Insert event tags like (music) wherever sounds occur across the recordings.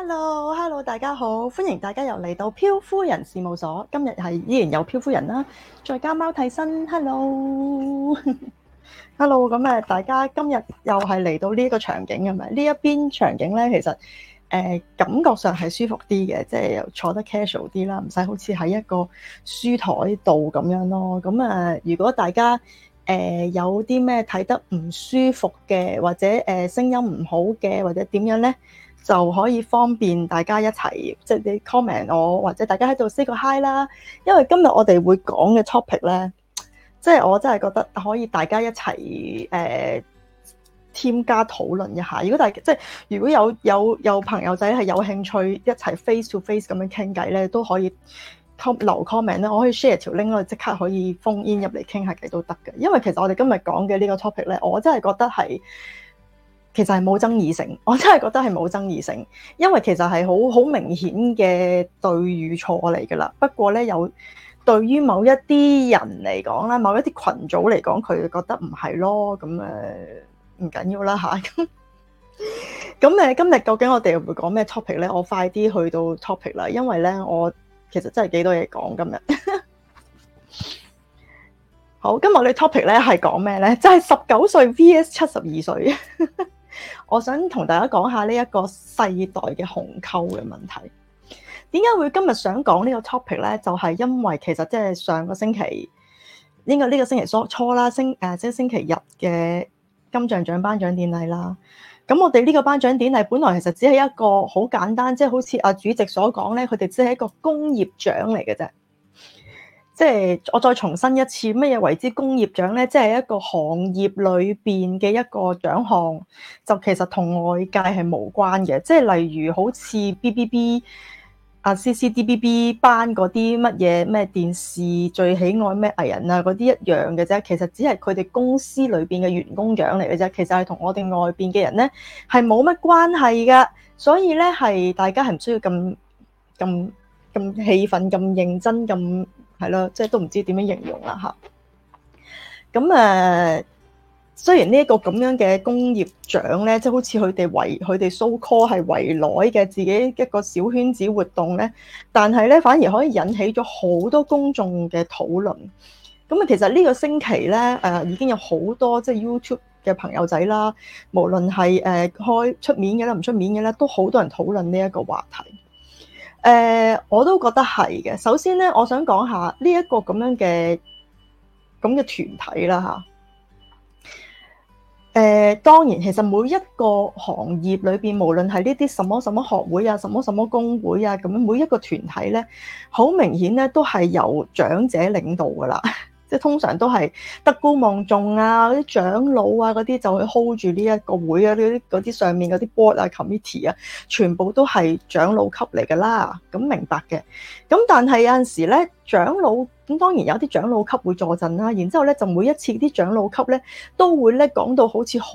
Hello，Hello，Hello，大家好，歡迎大家又嚟到漂夫人事務所。今日係依然有漂夫人啦，再加貓替身。Hello，Hello，咁誒， (laughs) Hello，大家今日又係嚟到呢一個場景嘅咩？呢一邊場景咧，其實誒、呃、感覺上係舒服啲嘅，即係又坐得 casual 啲啦，唔使好似喺一個書台度咁樣咯。咁啊，如果大家誒、呃、有啲咩睇得唔舒服嘅，或者誒聲、呃、音唔好嘅，或者點樣咧？就可以方便大家一齊，即係你 comment 我，或者大家喺度 say 個 hi 啦。因為今日我哋會講嘅 topic 咧，即係我真係覺得可以大家一齊誒、呃，添加討論一下。如果大即係如果有有有朋友仔係有興趣一齊 face to face 咁樣傾偈咧，都可以 com 留 comment 咧，我可以 share 條 link 咧，即刻可以 join 入嚟傾下偈都得嘅。因為其實我哋今日講嘅呢個 topic 咧，我真係覺得係。其實係冇爭議性，我真係覺得係冇爭議性，因為其實係好好明顯嘅對與錯嚟噶啦。不過咧，有對於某一啲人嚟講咧，某一啲群組嚟講，佢覺得唔係咯，咁誒唔緊要啦吓？咁咁誒，今日究竟我哋會講咩 topic 咧？我快啲去到 topic 啦，因為咧，我其實真係幾多嘢講今日。 (laughs) 好，今日嘅 topic 咧係講咩咧？就係十九歲 VS 七十二歲。VS, (laughs) 我想同大家講下呢一個世代嘅鴻溝嘅問題，點解會今日想講呢個 topic 咧？就係因為其實即係上個星期，應該呢個星期初初啦，星誒即係星期日嘅金像獎頒獎典禮啦。咁我哋呢個頒獎典禮本來其實只係一個好簡單，即係好似阿主席所講咧，佢哋只係一個工業獎嚟嘅啫。即係我再重申一次，乜嘢為之工業獎咧？即係一個行業裏邊嘅一個獎項，就其實同外界係無關嘅。即係例如好似 B B B 啊 C C D B B 班嗰啲乜嘢咩電視最喜愛咩藝人啊嗰啲一樣嘅啫。其實只係佢哋公司裏邊嘅員工獎嚟嘅啫。其實係同我哋外邊嘅人咧係冇乜關係㗎。所以咧係大家係唔需要咁咁咁氣憤、咁認真、咁。係咯，即係都唔知點樣形容啦吓，咁誒，雖然呢一個咁樣嘅工業獎咧，即係好似佢哋圍佢哋 so call 係圍內嘅自己一個小圈子活動咧，但係咧反而可以引起咗好多公眾嘅討論。咁啊，其實呢個星期咧誒已經有好多即係、就是、YouTube 嘅朋友仔啦，無論係誒開出面嘅啦、唔出面嘅咧，都好多人討論呢一個話題。誒、呃，我都覺得係嘅。首先咧，我想講下呢一個咁樣嘅咁嘅團體啦，吓。誒，當然，其實每一個行業裏邊，無論係呢啲什麼什麼學會啊，什麼什麼工會啊，咁樣每一個團體咧，好明顯咧，都係由長者領導噶啦。即係通常都係德高望重啊，嗰啲長老啊嗰啲就去 hold 住呢一個會啊，嗰啲啲上面嗰啲 board 啊 committee 啊，全部都係長老級嚟㗎啦。咁明白嘅。咁但係有陣時咧，長老咁當然有啲長老級會坐陣啦，啊。然之後咧，就每一次啲長老級咧，都會咧講到好似好，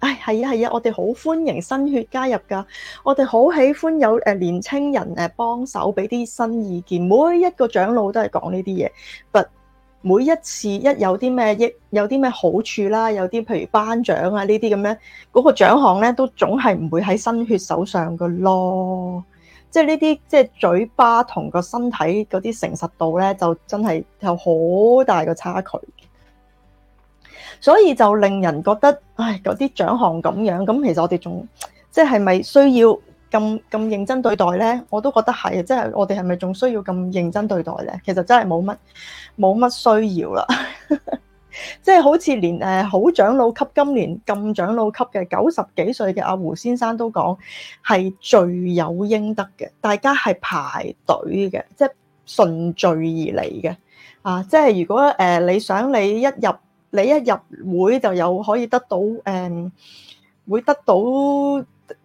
唉係啊係啊，我哋好歡迎新血加入㗎，我哋好喜歡有年青人誒幫手俾啲新意見。每一個長老都係講呢啲嘢。每一次一有啲咩益，有啲咩好處啦，有啲譬如頒獎啊呢啲咁樣，嗰個獎項咧都總係唔會喺新血手上嘅咯。即係呢啲即係嘴巴同個身體嗰啲誠實度咧，就真係有好大個差距。所以就令人覺得，唉，嗰啲獎項咁樣，咁其實我哋仲即係咪需要？咁咁認真對待咧，我都覺得係，即係我哋係咪仲需要咁認真對待咧？其實真係冇乜冇乜需要啦，即係好似連誒好長老級、今年咁長老級嘅九十幾歲嘅阿胡先生都講係序有應得嘅，大家係排隊嘅，即係順序而嚟嘅啊！即係如果誒、呃、你想你一入你一入會就有可以得到誒、嗯、會得到。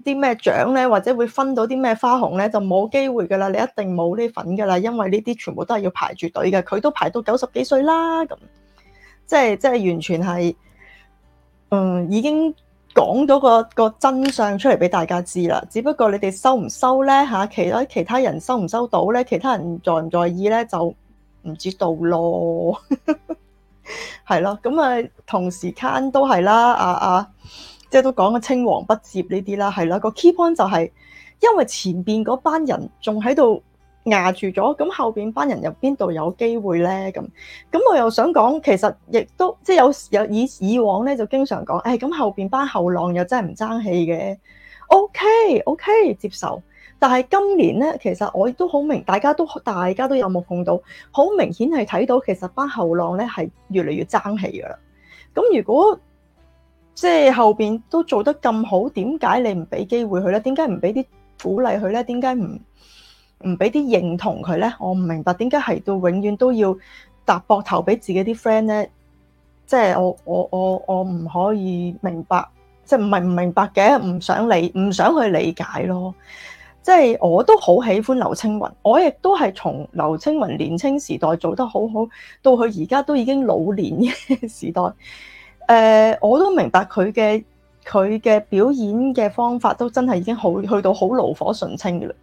啲咩獎咧，或者會分到啲咩花紅咧，就冇機會噶啦，你一定冇呢份噶啦，因為呢啲全部都係要排住隊嘅，佢都排到九十幾歲啦，咁即係即係完全係，嗯，已經講到個個真相出嚟俾大家知啦。只不過你哋收唔收咧吓？其他其他人收唔收到咧？其他人在唔在意咧？就唔知道咯。係 (laughs) 咯，咁啊，同時間都係啦，啊！啊！即係都講嘅青黃不接呢啲啦，係啦，個 key point 就係、是、因為前邊嗰班人仲喺度壓住咗，咁後邊班人入邊度有機會咧咁。咁我又想講，其實亦都即係有有以以往咧，就經常講，誒、哎、咁後邊班後浪又真係唔爭氣嘅。OK OK 接受，但係今年咧，其實我亦都好明，大家都大家都有冇碰到，好明顯係睇到其實班後浪咧係越嚟越爭氣嘅啦。咁如果即係後邊都做得咁好，點解你唔俾機會佢咧？點解唔俾啲鼓勵佢咧？點解唔唔俾啲認同佢咧？我唔明白點解係到永遠都要搭膊頭俾自己啲 friend 咧？即係我我我我唔可以明白，即係唔係唔明白嘅，唔想理，唔想去理解咯。即係我都好喜歡劉青雲，我亦都係從劉青雲年輕時代做得好好，到佢而家都已經老年嘅時代。誒，uh, 我都明白佢嘅佢嘅表演嘅方法都真係已經好去到好爐火純青嘅嘞。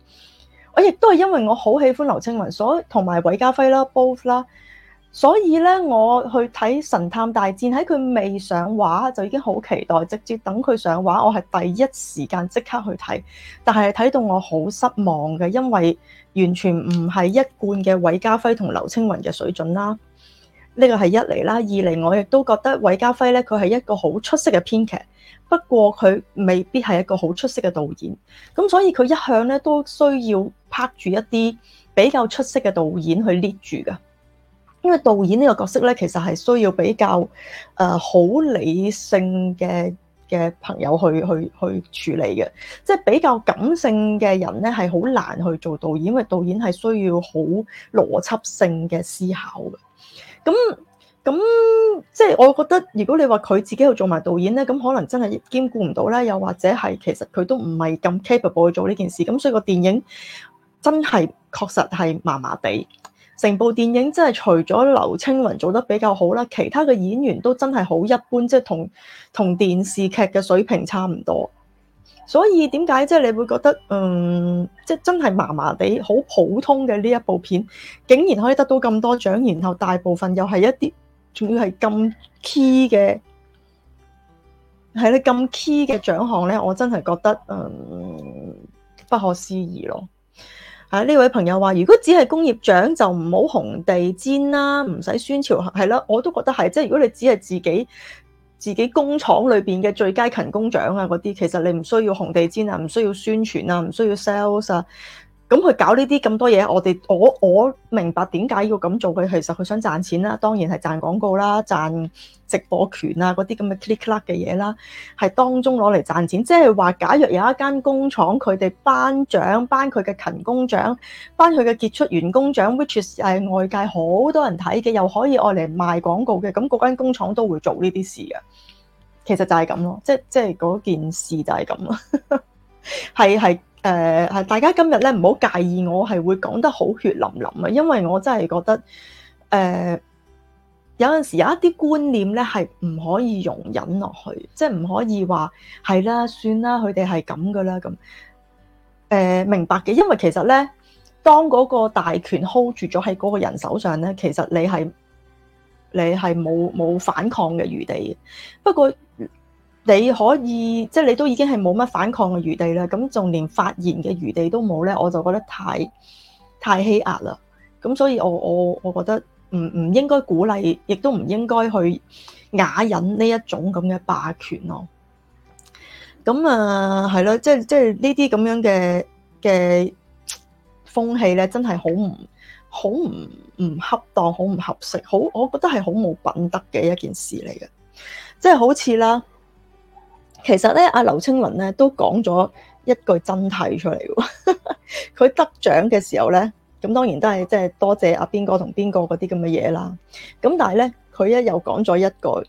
我亦都係因為我好喜歡劉青雲所，所同埋韋家輝啦，both 啦，所以咧我去睇《神探大戰》，喺佢未上畫就已經好期待，直接等佢上畫，我係第一時間即刻去睇，但係睇到我好失望嘅，因為完全唔係一貫嘅韋家輝同劉青雲嘅水準啦。呢個係一嚟啦，二嚟我亦都覺得韋家輝咧，佢係一個好出色嘅編劇。不過佢未必係一個好出色嘅導演。咁所以佢一向咧都需要拍住一啲比較出色嘅導演去 lift 住㗎。因為導演呢個角色咧，其實係需要比較誒好、呃、理性嘅嘅朋友去去去處理嘅。即、就、係、是、比較感性嘅人咧，係好難去做導演，因為導演係需要好邏輯性嘅思考嘅。咁咁即係，我覺得如果你話佢自己又做埋導演咧，咁可能真係兼顧唔到啦。又或者係其實佢都唔係咁 capable 去做呢件事。咁所以個電影真係確實係麻麻地，成部電影真係除咗劉青雲做得比較好啦，其他嘅演員都真係好一般，即係同同電視劇嘅水平差唔多。所以點解即係你會覺得嗯，即、就是、真係麻麻地好普通嘅呢一部片竟然可以得到咁多獎，然後大部分又係一啲仲要係咁 key 嘅係咧，咁 key 嘅獎項咧，我真係覺得嗯，不可思議咯。係呢位朋友話，如果只係工業獎就唔好紅地氈啦，唔使宣傳係啦，我都覺得係即係如果你只係自己。自己工廠裏面嘅最佳勤工獎啊，嗰啲其實你唔需要紅地氈啊，唔需要宣傳啊，唔需要 sales 啊。咁佢搞呢啲咁多嘢，我哋我我明白點解要咁做佢，其實佢想賺錢啦，當然係賺廣告啦，賺直播權啊，嗰啲咁嘅 click click 嘅嘢啦，係當中攞嚟賺錢，即係話假若有一間工廠佢哋頒獎頒佢嘅勤工獎頒佢嘅傑出員工獎 which is 外界好多人睇嘅，又可以攞嚟賣廣告嘅，咁嗰間工廠都會做呢啲事嘅。其實就係咁咯，即即係嗰件事就係咁咯，係 (laughs) 係。誒，係、呃、大家今日咧唔好介意，我係會講得好血淋淋啊，因為我真係覺得，誒、呃，有陣時候有一啲觀念咧係唔可以容忍落去，即係唔可以話係啦，算啦，佢哋係咁噶啦咁。誒、呃，明白嘅，因為其實咧，當嗰個大權 hold 住咗喺嗰個人手上咧，其實你係你係冇冇反抗嘅餘地嘅。不過，你可以即係你都已經係冇乜反抗嘅餘地啦，咁仲連發言嘅餘地都冇咧，我就覺得太太欺壓啦。咁所以我我我覺得唔唔應該鼓勵，亦都唔應該去啞忍呢一種咁嘅霸權咯。咁啊，係咯，即係即係呢啲咁樣嘅嘅風氣咧，真係好唔好唔唔恰當，好唔合適，好我覺得係好冇品德嘅一件事嚟嘅，即係好似啦。其實咧，阿劉青雲咧都講咗一句真諦出嚟。佢得獎嘅時候咧，咁當然都係即係多謝阿邊個同邊個嗰啲咁嘅嘢啦。咁但係咧，佢一又講咗一句，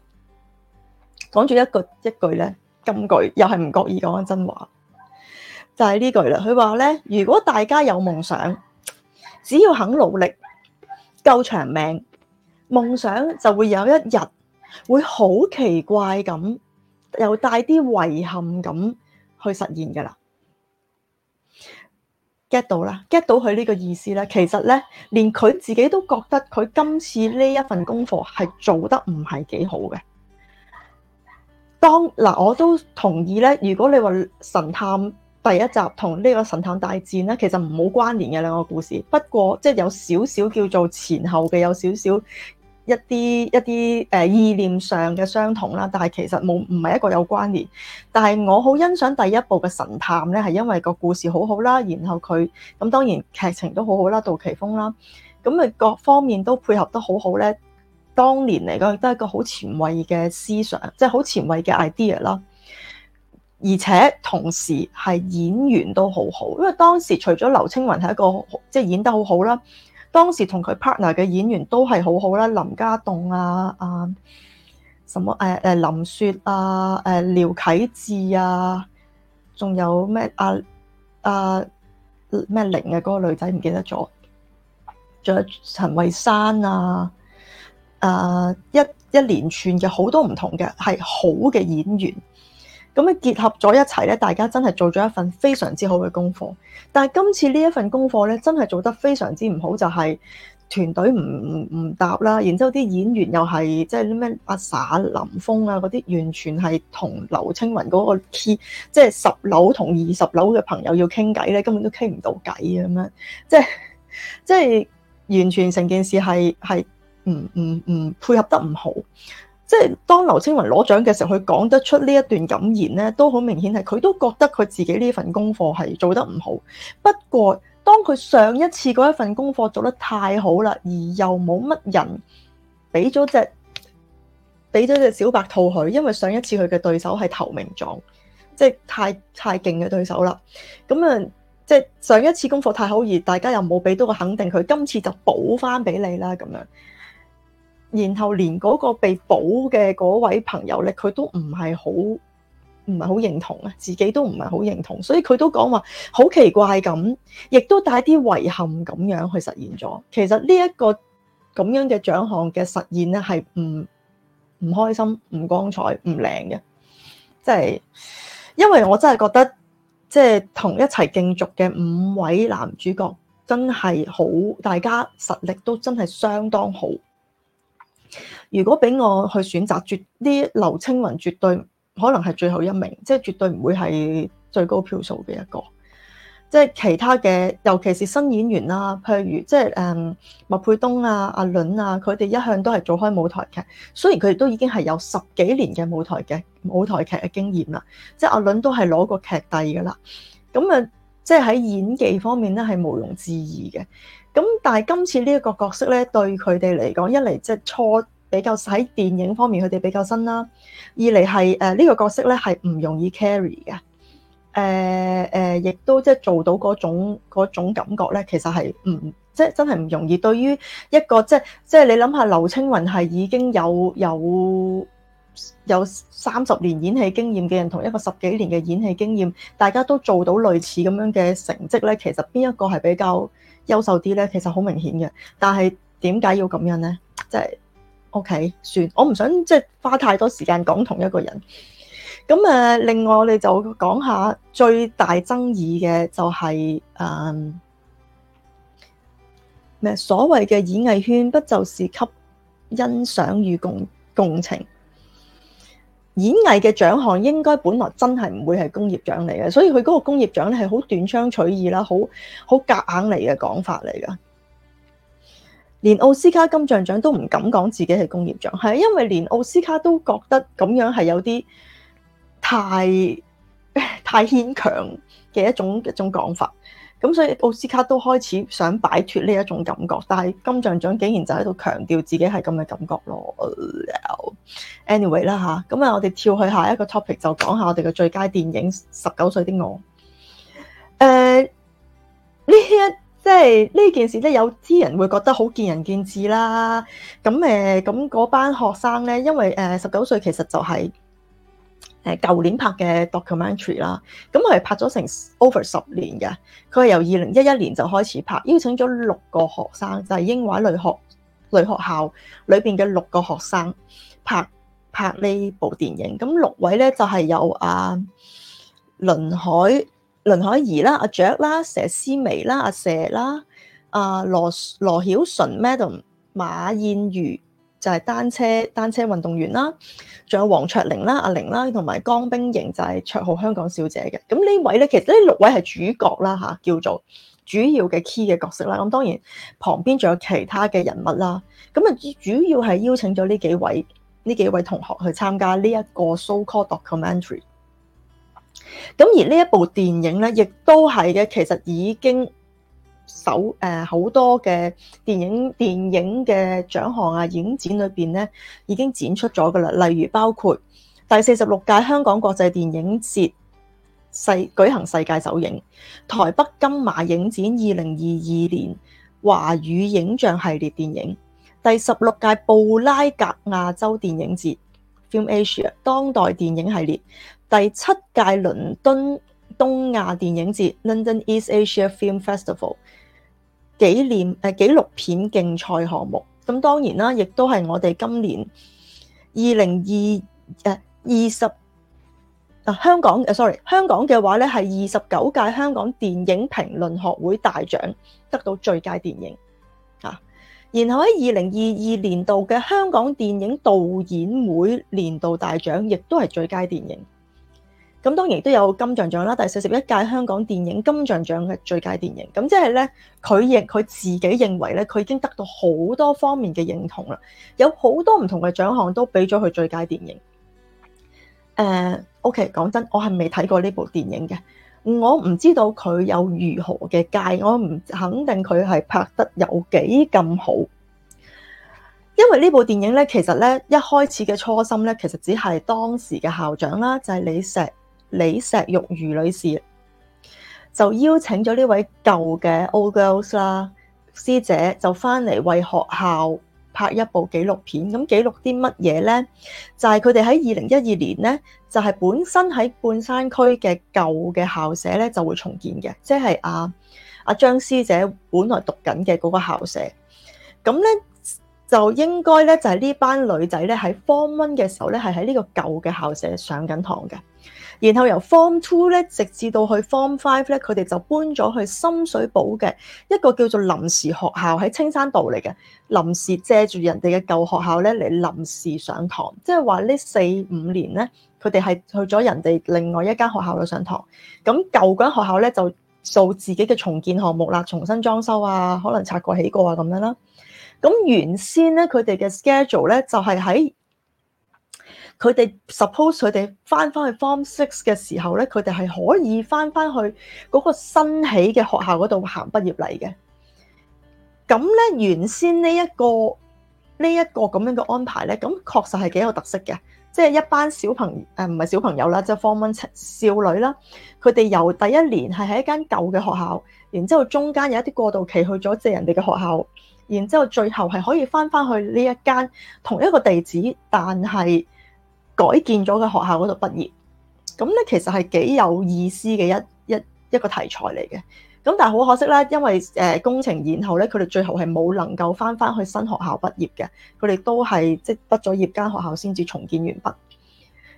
講住一句，一句咧金句，又係唔覺意講真話，就係、是、呢句啦。佢話咧，如果大家有夢想，只要肯努力，夠長命，夢想就會有一日會好奇怪咁。又帶啲遺憾咁去實現嘅啦，get 到啦，get 到佢呢個意思咧。其實咧，連佢自己都覺得佢今次呢一份功課係做得唔係幾好嘅。當嗱、啊，我都同意咧。如果你話神探第一集同呢個神探大戰咧，其實唔好關聯嘅兩個故事。不過，即係有少少叫做前後嘅，有少少。一啲一啲誒意念上嘅相同啦，但係其實冇唔係一個有關聯。但係我好欣賞第一部嘅神探咧，係因為個故事好好啦，然後佢咁當然劇情都好好啦，杜琪峯啦，咁啊各方面都配合得好好咧。當年嚟講都係一個好前衛嘅思想，即係好前衛嘅 idea 啦。而且同時係演員都好好，因為當時除咗劉青雲係一個即係演得好好啦。當時同佢 partner 嘅演員都係好好啦，林家棟啊啊，什麼誒誒、啊、林雪啊誒、啊、廖啟智啊，仲有咩阿阿咩玲啊嗰個女仔唔記得咗，仲有陳慧珊啊，誒、啊、一一連串嘅好多唔同嘅係好嘅演員。咁啊，結合咗一齊咧，大家真係做咗一份非常之好嘅功課。但係今次呢一份功課咧，真係做得非常之唔好，就係、是、團隊唔唔搭啦。然之後啲演員又係即係啲咩阿 Sa、林峯啊嗰啲，完全係同劉青雲嗰個 key，即係十樓同二十樓嘅朋友要傾偈咧，根本都傾唔到偈咁樣。即係即係完全成件事係係唔唔唔配合得唔好。即係當劉青雲攞獎嘅時候，佢講得出呢一段感言咧，都好明顯係佢都覺得佢自己呢份功課係做得唔好。不過，當佢上一次嗰一份功課做得太好啦，而又冇乜人俾咗隻俾咗隻小白兔佢，因為上一次佢嘅對手係投名狀，即係太太勁嘅對手啦。咁啊，即係上一次功課太好而大家又冇俾到個肯定，佢今次就補翻俾你啦，咁樣。然後連嗰個被保嘅嗰位朋友咧，佢都唔係好唔係好認同啊，自己都唔係好認同，所以佢都講話好奇怪咁，亦都帶啲遺憾咁樣去實現咗。其實呢、這、一個咁樣嘅獎項嘅實現咧，係唔唔開心、唔光彩、唔靚嘅，即係因為我真係覺得，即係同一齊競逐嘅五位男主角，真係好，大家實力都真係相當好。如果俾我去選擇，絕啲劉青雲絕對可能係最後一名，即係絕對唔會係最高票數嘅一個。即係其他嘅，尤其是新演員啦，譬如即係誒麥沛東啊、阿倫啊，佢哋一向都係做開舞台劇，雖然佢哋都已經係有十幾年嘅舞台劇舞台劇嘅經驗啦，即係阿倫都係攞過劇帝噶啦，咁啊即係喺演技方面咧係毋庸置疑嘅。咁，但係今次呢一個角色咧，對佢哋嚟講，一嚟即係初比較喺電影方面，佢哋比較新啦；二嚟係誒呢個角色咧係唔容易 carry 嘅。誒誒，亦都即係做到嗰種嗰種感覺咧，其實係唔即係真係唔容易。對於一個即即係你諗下，劉青雲係已經有有有三十年演戲經驗嘅人，同一個十幾年嘅演戲經驗，大家都做到類似咁樣嘅成績咧，其實邊一個係比較優秀啲咧，其實好明顯嘅，但係點解要咁樣咧？即係 OK，算，我唔想即係花太多時間講同一個人。咁誒，另外我哋就講下最大爭議嘅就係誒咩所謂嘅演藝圈，不就是給欣賞與共共情？演藝嘅獎項應該本來真係唔會係工業獎嚟嘅，所以佢嗰個工業獎咧係好斷章取義啦，好好夾硬嚟嘅講法嚟嘅。連奧斯卡金像獎都唔敢講自己係工業獎，係因為連奧斯卡都覺得咁樣係有啲太太牽強嘅一種一種講法。咁所以奧斯卡都開始想擺脫呢一種感覺，但係金像獎竟然就喺度強調自己係咁嘅感覺咯 Any。Anyway 啦吓，咁啊我哋跳去下一個 topic 就講下我哋嘅最佳電影《十九歲的我》。誒呢一即係呢件事咧，有啲人會覺得好見仁見智啦。咁誒咁嗰班學生咧，因為誒十九歲其實就係、是。誒舊年拍嘅 documentary 啦，咁佢係拍咗成 over 十年嘅，佢係由二零一一年就開始拍，邀請咗六個學生，就係、是、英華女學女學校裏邊嘅六個學生拍拍呢部電影。咁六位咧就係、是、有阿、啊、林海林海怡啦，阿雀啦，佘思眉啦，阿佘啦，阿、啊、羅羅曉純 Madam 馬燕如。就係單車單車運動員啦，仲有黃卓玲啦、阿玲啦，同埋江冰瑩，就係綽號香港小姐嘅。咁呢位咧，其實呢六位係主角啦，吓叫做主要嘅 key 嘅角色啦。咁當然旁邊仲有其他嘅人物啦。咁啊，主要係邀請咗呢幾位呢幾位同學去參加呢一個 so called documentary。咁而呢一部電影咧，亦都係嘅，其實已經。首誒好多嘅電影電影嘅獎項啊，影展裏邊呢已經展出咗㗎喇。例如包括第四十六屆香港國際電影節世舉行世界首映，台北金馬影展二零二二年華語影像系列電影，第十六屆布拉格亞洲電影節 Film Asia 當代電影系列，第七屆倫敦東亞電影節 London East Asia Film Festival。紀念誒、呃、紀錄片競賽項目，咁當然啦，亦都係我哋今年二零二誒二十啊，二十，啊香港誒、啊、sorry 香港嘅話咧，係二十九屆香港電影評論學會大獎得到最佳電影嚇、啊，然後喺二零二二年度嘅香港電影導演會年度大獎，亦都係最佳電影。咁當然都有金像獎啦，第四十一屆香港電影金像獎嘅最佳電影，咁即係咧，佢亦佢自己認為咧，佢已經得到好多方面嘅認同啦，有好多唔同嘅獎項都俾咗佢最佳電影。誒，uh, OK，講真，我係未睇過呢部電影嘅，我唔知道佢有如何嘅界，我唔肯定佢係拍得有幾咁好，因為呢部電影咧，其實咧一開始嘅初心咧，其實只係當時嘅校長啦，就係李石。李石玉如女士就邀請咗呢位舊嘅 old girls 啦，師姐就翻嚟為學校拍一部紀錄片，咁記錄啲乜嘢咧？就係佢哋喺二零一二年咧，就係、是、本身喺半山區嘅舊嘅校舍咧就會重建嘅，即係阿阿張師姐本來讀緊嘅嗰個校舍，咁咧就應該咧就係呢班女仔咧喺方 o 嘅時候咧係喺呢個舊嘅校舍上緊堂嘅。然後由 Form Two 咧，直至到去 Form Five 咧，佢哋就搬咗去深水埗嘅一個叫做臨時學校喺青山道嚟嘅臨時借住人哋嘅舊學校咧嚟臨時上堂，即係話呢四五年咧，佢哋係去咗人哋另外一間學校度上堂，咁舊嗰間學校咧就做自己嘅重建項目啦，重新裝修啊，可能拆過起過啊咁樣啦。咁原先咧佢哋嘅 schedule 咧就係喺。佢哋 suppose 佢哋翻翻去 Form Six 嘅時候咧，佢哋係可以翻翻去嗰個新起嘅學校嗰度行畢業禮嘅。咁咧，原先呢一個呢一個咁樣嘅安排咧，咁確實係幾有特色嘅。即係一班小朋友，唔係小朋友啦，即係 Form One 少女啦。佢哋由第一年係喺一間舊嘅學校，然之後中間有一啲過渡期去咗，借人哋嘅學校，然之後最後係可以翻翻去呢一間同一個地址，但係。改建咗嘅學校嗰度畢業，咁咧，其實係幾有意思嘅一一一個題材嚟嘅。咁但係好可惜咧，因為誒、呃、工程延後咧，佢哋最後係冇能夠返返去新學校畢業嘅。佢哋都係即係畢咗業間學校先至重建完畢。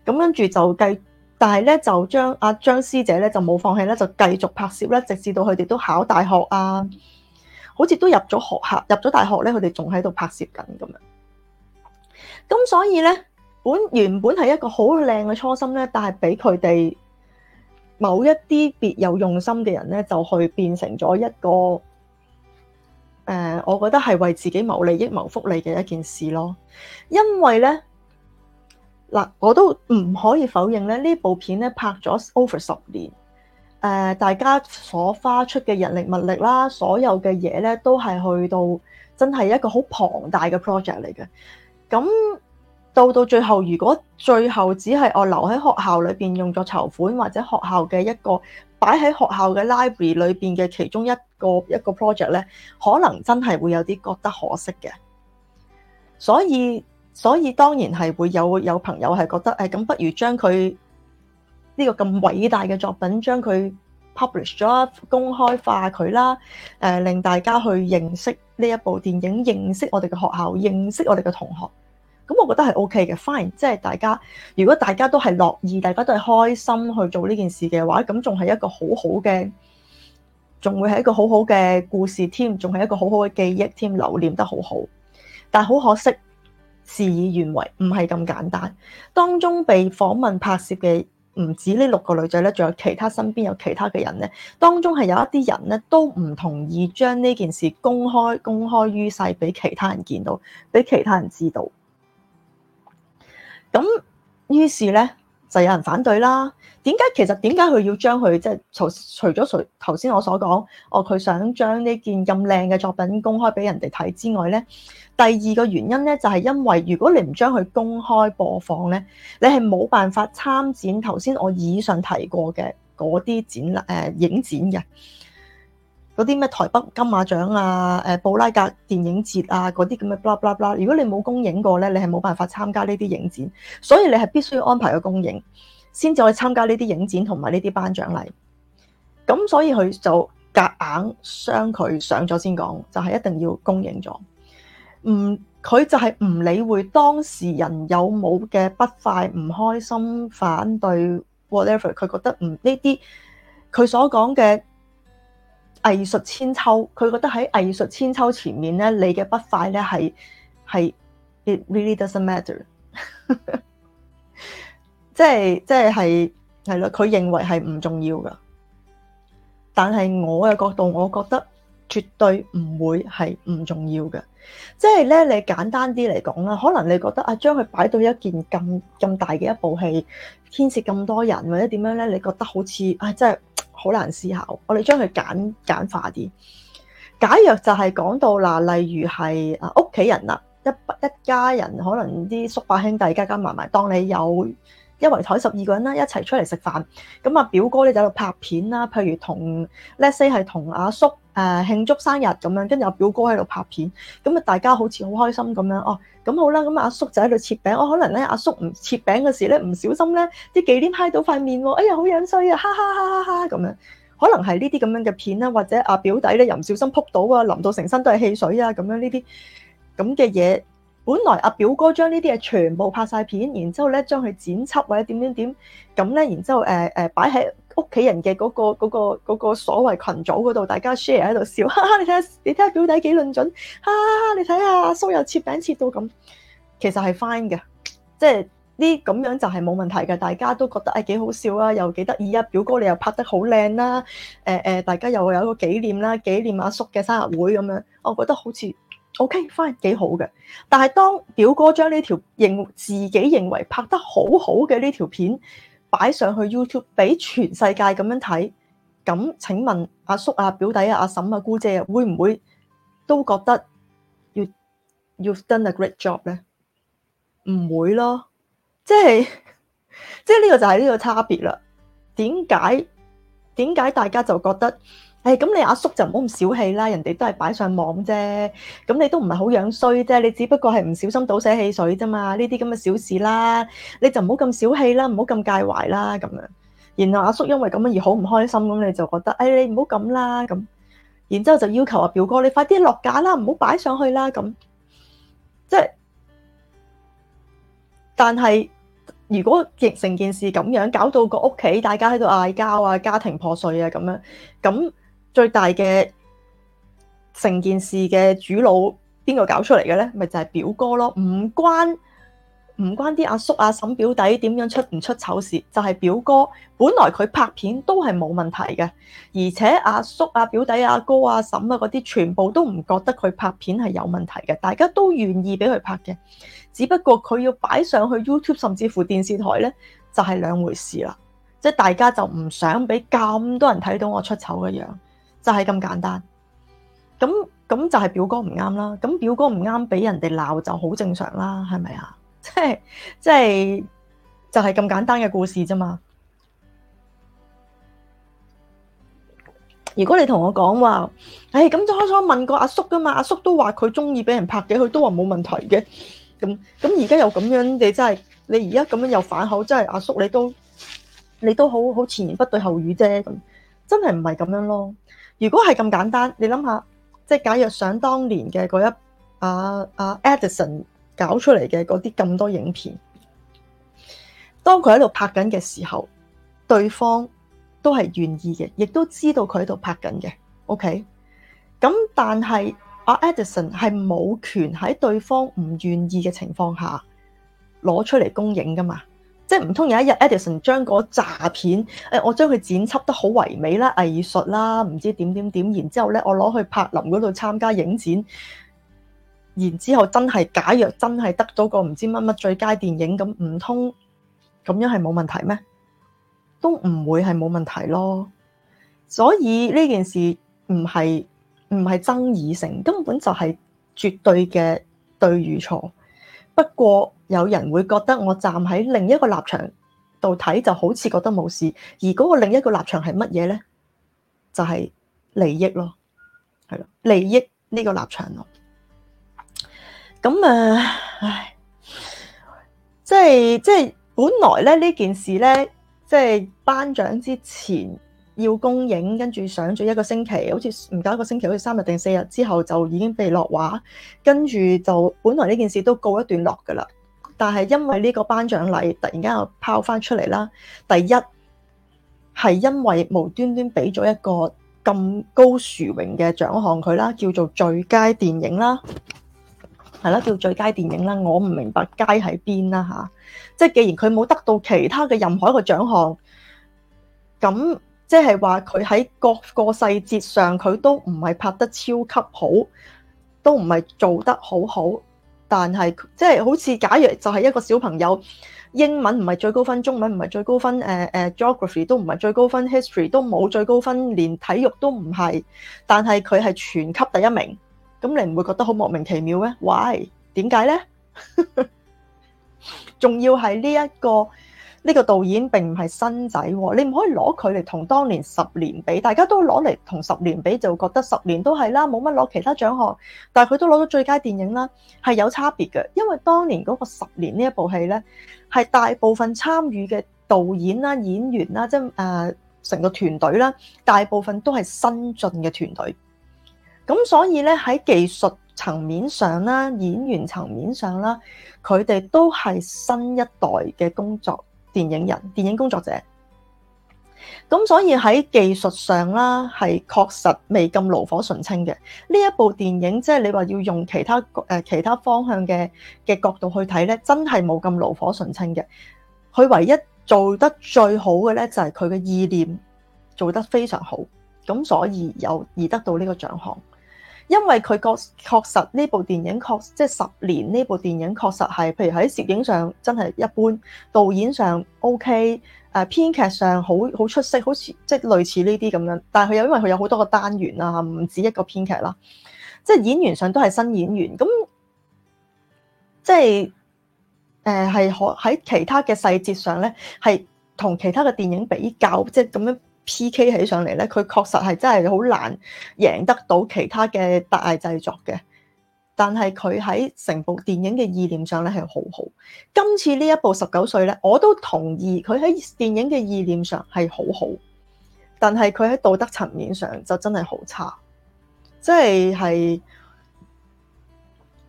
咁跟住就繼，但係咧就將阿、啊、張師姐咧就冇放棄咧，就繼續拍攝咧，直至到佢哋都考大學啊，好似都入咗學校入咗大學咧，佢哋仲喺度拍攝緊咁樣。咁所以咧。本原本係一個好靚嘅初心咧，但係俾佢哋某一啲別有用心嘅人咧，就去變成咗一個誒、呃，我覺得係為自己謀利益、謀福利嘅一件事咯。因為咧嗱，我都唔可以否認咧，這部呢部片咧拍咗 over 十年，誒、呃，大家所花出嘅人力物力啦，所有嘅嘢咧，都係去到真係一個好龐大嘅 project 嚟嘅，咁。到到最後，如果最後只係我留喺學校裏邊用作籌款，或者學校嘅一個擺喺學校嘅 library 裏邊嘅其中一個一個 project 咧，可能真係會有啲覺得可惜嘅。所以，所以當然係會有有朋友係覺得，誒、啊、咁不如將佢呢個咁偉大嘅作品，將佢 published 咗，公開化佢啦，誒、呃、令大家去認識呢一部電影，認識我哋嘅學校，認識我哋嘅同學。咁我覺得係 OK 嘅，Fine，即係大家如果大家都係樂意，大家都係開心去做呢件事嘅話，咁仲係一個好好嘅，仲會係一個好好嘅故事添，仲係一個好好嘅記憶添，留念得好好。但好可惜事為，事與願違，唔係咁簡單。當中被訪問拍攝嘅唔止呢六個女仔咧，仲有其他身邊有其他嘅人咧。當中係有一啲人咧都唔同意將呢件事公開公開於世，俾其他人見到，俾其他人知道。咁於是咧就有人反對啦。點解，其實點解佢要將佢，即係頭除咗除頭先我所講，我佢想將呢件咁靚嘅作品公開俾人哋睇之外咧，第二個原因咧就係因為如果你唔將佢公開播放咧，你係冇辦法參展頭先我以上提過嘅嗰啲展，誒影展嘅。嗰啲咩台北金馬獎啊、誒布拉格電影節啊，嗰啲咁嘅，bla bla bla。如果你冇公映過咧，你係冇辦法參加呢啲影展，所以你係必須要安排個公映，先至可以參加呢啲影展同埋呢啲頒獎禮。咁所以佢就夾硬將佢上咗先講，就係一定要公映咗。唔，佢就係唔理會當事人有冇嘅不快、唔開心、反對 whatever，佢覺得唔呢啲佢所講嘅。藝術千秋，佢覺得喺藝術千秋前面咧，你嘅不快咧係係，it really doesn't matter，即係即係係係咯，佢認為係唔重要噶。但係我嘅角度，我覺得絕對唔會係唔重要嘅。即係咧，你簡單啲嚟講啦，可能你覺得啊，將佢擺到一件咁咁大嘅一部戲，牽涉咁多人，或者點樣咧，你覺得好似啊，真係。好難思考，我哋將佢簡簡化啲。假若就係講到嗱，例如係啊屋企人啦，一一家人可能啲叔伯兄弟加加埋埋，當你有一圍台十二個人啦，一齊出嚟食飯，咁啊表哥咧就喺度拍片啦，譬如同 let say 係同阿叔。誒慶祝生日咁樣，跟住阿表哥喺度拍片，咁啊大家好似好開心咁樣哦。咁好啦，咁阿叔就喺度切餅，哦可能咧阿叔唔切餅嘅時咧唔小心咧啲忌廉揩到塊面喎，哎呀好樣衰啊，哈哈哈哈哈咁樣。可能係呢啲咁樣嘅片啦，或者阿表弟咧又唔小心撲到啊，淋到成身都係汽水啊，咁樣呢啲咁嘅嘢。本來阿表哥將呢啲嘢全部拍晒片，然之後咧將佢剪輯或者點點點咁咧，然之後誒誒擺喺呃呃屋企人嘅嗰、嗰個、嗰個、嗰個嗰個所謂群組嗰度，大家 share 喺度笑，你睇下，你睇下表弟幾論盡，啊、你睇下阿叔又切餅切到咁，其實係 fine 嘅，即係呢咁樣就係冇問題嘅，大家都覺得誒、哎、幾好笑啊，又幾得意啊，表哥你又拍得好靚啦，誒、呃、誒，大家又有一個紀念啦、啊，紀念阿叔嘅生日會咁樣，我覺得好似 OK fine 幾好嘅，但係當表哥將呢條認自己認為拍得好好嘅呢條片。擺上去 YouTube 俾全世界咁樣睇，咁請問阿叔啊、表弟啊、阿嬸啊、姑姐啊，會唔會都覺得要 You've done a great job 咧？唔會咯，即係即係呢個就係呢個差別啦。點解點解大家就覺得？誒咁，你阿叔就唔好咁小氣啦，人哋都係擺上網啫。咁你都唔係好樣衰啫，你只不過係唔小心倒瀉汽水啫嘛。呢啲咁嘅小事啦，你就唔好咁小氣啦，唔好咁介懷啦咁樣。然後阿叔因為咁樣而好唔開心，咁你就覺得誒你唔好咁啦咁。然之後就要求阿表哥你快啲落架啦，唔好擺上去啦咁。即係，但係如果成成件事咁樣搞到個屋企大家喺度嗌交啊，家庭破碎啊咁樣咁。最大嘅成件事嘅主腦邊個搞出嚟嘅咧？咪就係、是、表哥咯。唔關唔關啲阿叔阿嬸表弟點樣出唔出醜事，就係、是、表哥本來佢拍片都係冇問題嘅，而且阿叔阿表弟阿哥阿嬸啊嗰啲全部都唔覺得佢拍片係有問題嘅，大家都願意俾佢拍嘅，只不過佢要擺上去 YouTube 甚至乎電視台咧，就係、是、兩回事啦，即係大家就唔想俾咁多人睇到我出醜嘅樣。就係咁簡單，咁咁就係表哥唔啱啦，咁表哥唔啱俾人哋鬧就好正常啦，係咪啊？即係即係就係咁簡單嘅故事啫嘛。如果你同我講話，唉，咁就開初問過阿叔噶嘛，阿叔都話佢中意俾人拍嘅，佢都話冇問題嘅。咁咁而家又咁樣你真係你而家咁樣又反口，真係阿叔你都你都好好前言不對後語啫，咁真係唔係咁樣咯。如果係咁簡單，你諗下，即係假若想當年嘅嗰一啊啊、uh, uh,，Edison 搞出嚟嘅嗰啲咁多影片，當佢喺度拍緊嘅時候，對方都係願意嘅，亦都知道佢喺度拍緊嘅。OK，咁但係阿、uh, Edison 係冇權喺對方唔願意嘅情況下攞出嚟公映噶嘛？即係唔通有一日 Edison 將個詐騙，誒、哎、我將佢剪輯得好唯美啦、啊、藝術啦、啊，唔知點點點，然之後咧我攞去柏林嗰度參加影展，然之後真係假若真係得到個唔知乜乜最佳電影，咁唔通咁樣係冇問題咩？都唔會係冇問題咯。所以呢件事唔係唔係爭議性，根本就係絕對嘅對與錯。不過，有人會覺得我站喺另一個立場度睇，就好似覺得冇事。而嗰個另一個立場係乜嘢呢？就係、係、利益咯，係咯，利益呢個立場咯。咁誒、啊，唉，即係即係，就係、本來咧呢呢件事呢，即、就、係、係、頒獎之前要公映，跟住上咗一個星期，好似唔夠一個星期，好似三日定四日之後就已經被落畫，跟住就本來呢件事都告一段落噶啦。但係因為呢個頒獎禮突然間又拋翻出嚟啦。第一係因為無端端俾咗一個咁高殊榮嘅獎項佢啦，叫做最佳電影啦，係啦，叫最佳電影啦，我唔明白佳喺邊啦吓，即係既然佢冇得到其他嘅任何一個獎項，咁即係話佢喺各個細節上佢都唔係拍得超級好，都唔係做得好好。但係，即係好似，假如就係一個小朋友，英文唔係最高分，中文唔係最高分，誒、uh, uh, geography 都唔係最高分，history 都冇最高分，連體育都唔係，但係佢係全級第一名，咁你唔會覺得好莫名其妙咩？Why？點解呢？仲 (laughs) 要係呢一個？呢個導演並唔係新仔，你唔可以攞佢嚟同當年十年比，大家都攞嚟同十年比就覺得十年都係啦，冇乜攞其他獎項，但係佢都攞到最佳電影啦，係有差別嘅。因為當年嗰個十年呢一部戲呢，係大部分參與嘅導演啦、啊、演員啦、啊，即係誒成個團隊啦、啊，大部分都係新進嘅團隊。咁所以呢，喺技術層面上啦、啊、演員層面上啦、啊，佢哋都係新一代嘅工作。電影人、電影工作者，咁所以喺技術上啦，係確實未咁爐火純青嘅。呢一部電影，即係你話要用其他誒、呃、其他方向嘅嘅角度去睇呢，真係冇咁爐火純青嘅。佢唯一做得最好嘅呢，就係佢嘅意念做得非常好。咁所以有而得到呢個獎項。因為佢確確實呢部電影確即係十年呢部電影確實係，譬如喺攝影上真係一般，導演上 OK，誒編劇上好好出色，好似即係類似呢啲咁樣。但係佢有因為佢有好多個單元啊，唔止一個編劇啦，即係演員上都係新演員，咁即係誒係可喺其他嘅細節上咧，係同其他嘅電影比較，即係咁樣。PK 起上嚟咧，佢確實係真係好難贏得到其他嘅大製作嘅。但係佢喺成部電影嘅意念上咧係好好。今次呢一部十九歲咧，我都同意佢喺電影嘅意念上係好好。但係佢喺道德層面上就真係好差，即係係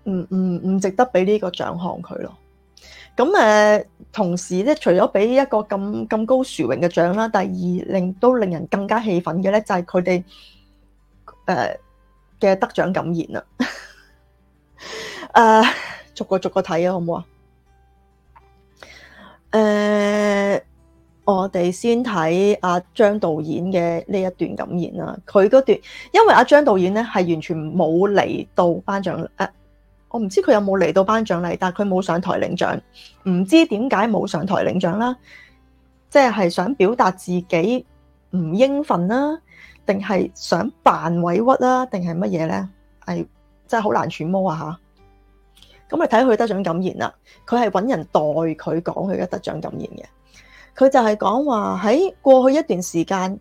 唔唔唔值得俾呢個獎項佢咯。咁誒、呃，同時即係除咗俾一個咁咁高殊榮嘅獎啦，第二令都令人更加氣憤嘅咧，就係佢哋誒嘅得獎感言啊！誒、 (laughs) 呃，逐個逐個睇啊，好唔好啊？誒、呃，我哋先睇阿、啊、張導演嘅呢一段感言啦。佢嗰段，因為阿、啊、張導演咧係完全冇嚟到頒獎誒。呃我唔知佢有冇嚟到頒獎禮，但係佢冇上台領獎，唔知點解冇上台領獎啦。即係係想表達自己唔應份啦，定係想扮委屈啦，定係乜嘢咧？係真係好難揣摩啊！嚇咁啊，睇佢得獎感言啦。佢係揾人代佢講佢嘅得獎感言嘅。佢就係講話喺過去一段時間。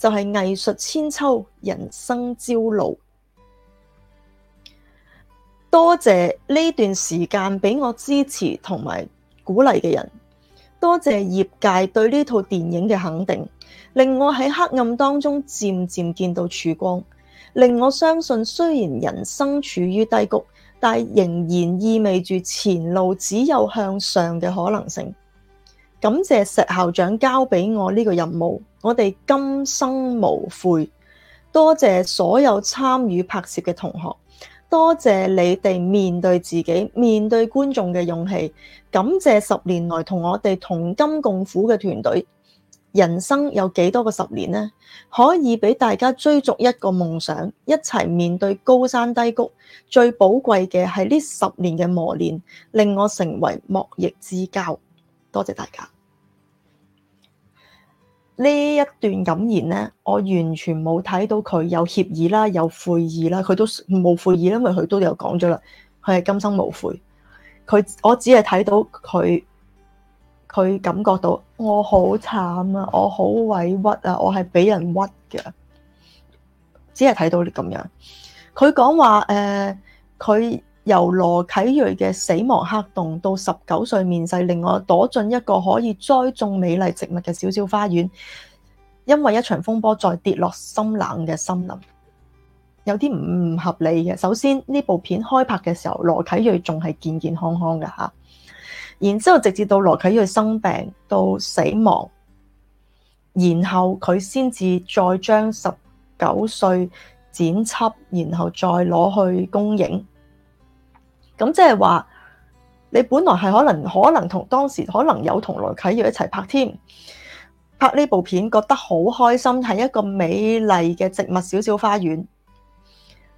就係藝術千秋，人生朝露。多謝呢段時間俾我支持同埋鼓勵嘅人，多謝業界對呢套電影嘅肯定，令我喺黑暗當中漸漸見到曙光，令我相信雖然人生處於低谷，但仍然意味住前路只有向上嘅可能性。感謝石校長交俾我呢個任務。我哋今生無悔，多謝所有參與拍攝嘅同學，多謝你哋面對自己、面對觀眾嘅勇氣，感謝十年來和我們同我哋同甘共苦嘅團隊。人生有幾多少個十年呢？可以俾大家追逐一個夢想，一齊面對高山低谷。最寶貴嘅係呢十年嘅磨練，令我成為莫逆之交。多謝大家。呢一段感言咧，我完全冇睇到佢有歉意啦，有悔意啦，有悔意啦，佢都冇悔意，因為佢都有講咗啦，佢係今生無悔。佢我只係睇到佢，佢感覺到我好慘啊，我好委屈啊，我係俾人屈嘅，只係睇到你咁樣。佢講話誒，佢、呃。佢由羅啟銳嘅死亡黑洞到十九歲面世，令我躲進一個可以栽種美麗植物嘅小小花園。因為一場風波，再跌落心冷嘅森林，有啲唔合理嘅。首先呢部片開拍嘅時候，羅啟銳仲係健健康康嘅吓。然之後直至到羅啟銳生病到死亡，然後佢先至再將十九歲剪輯，然後再攞去公映。咁即係話，你本來係可能，可能同當時可能有同羅啟銳一齊拍添，拍呢部片覺得好開心，係一個美麗嘅植物小小花園，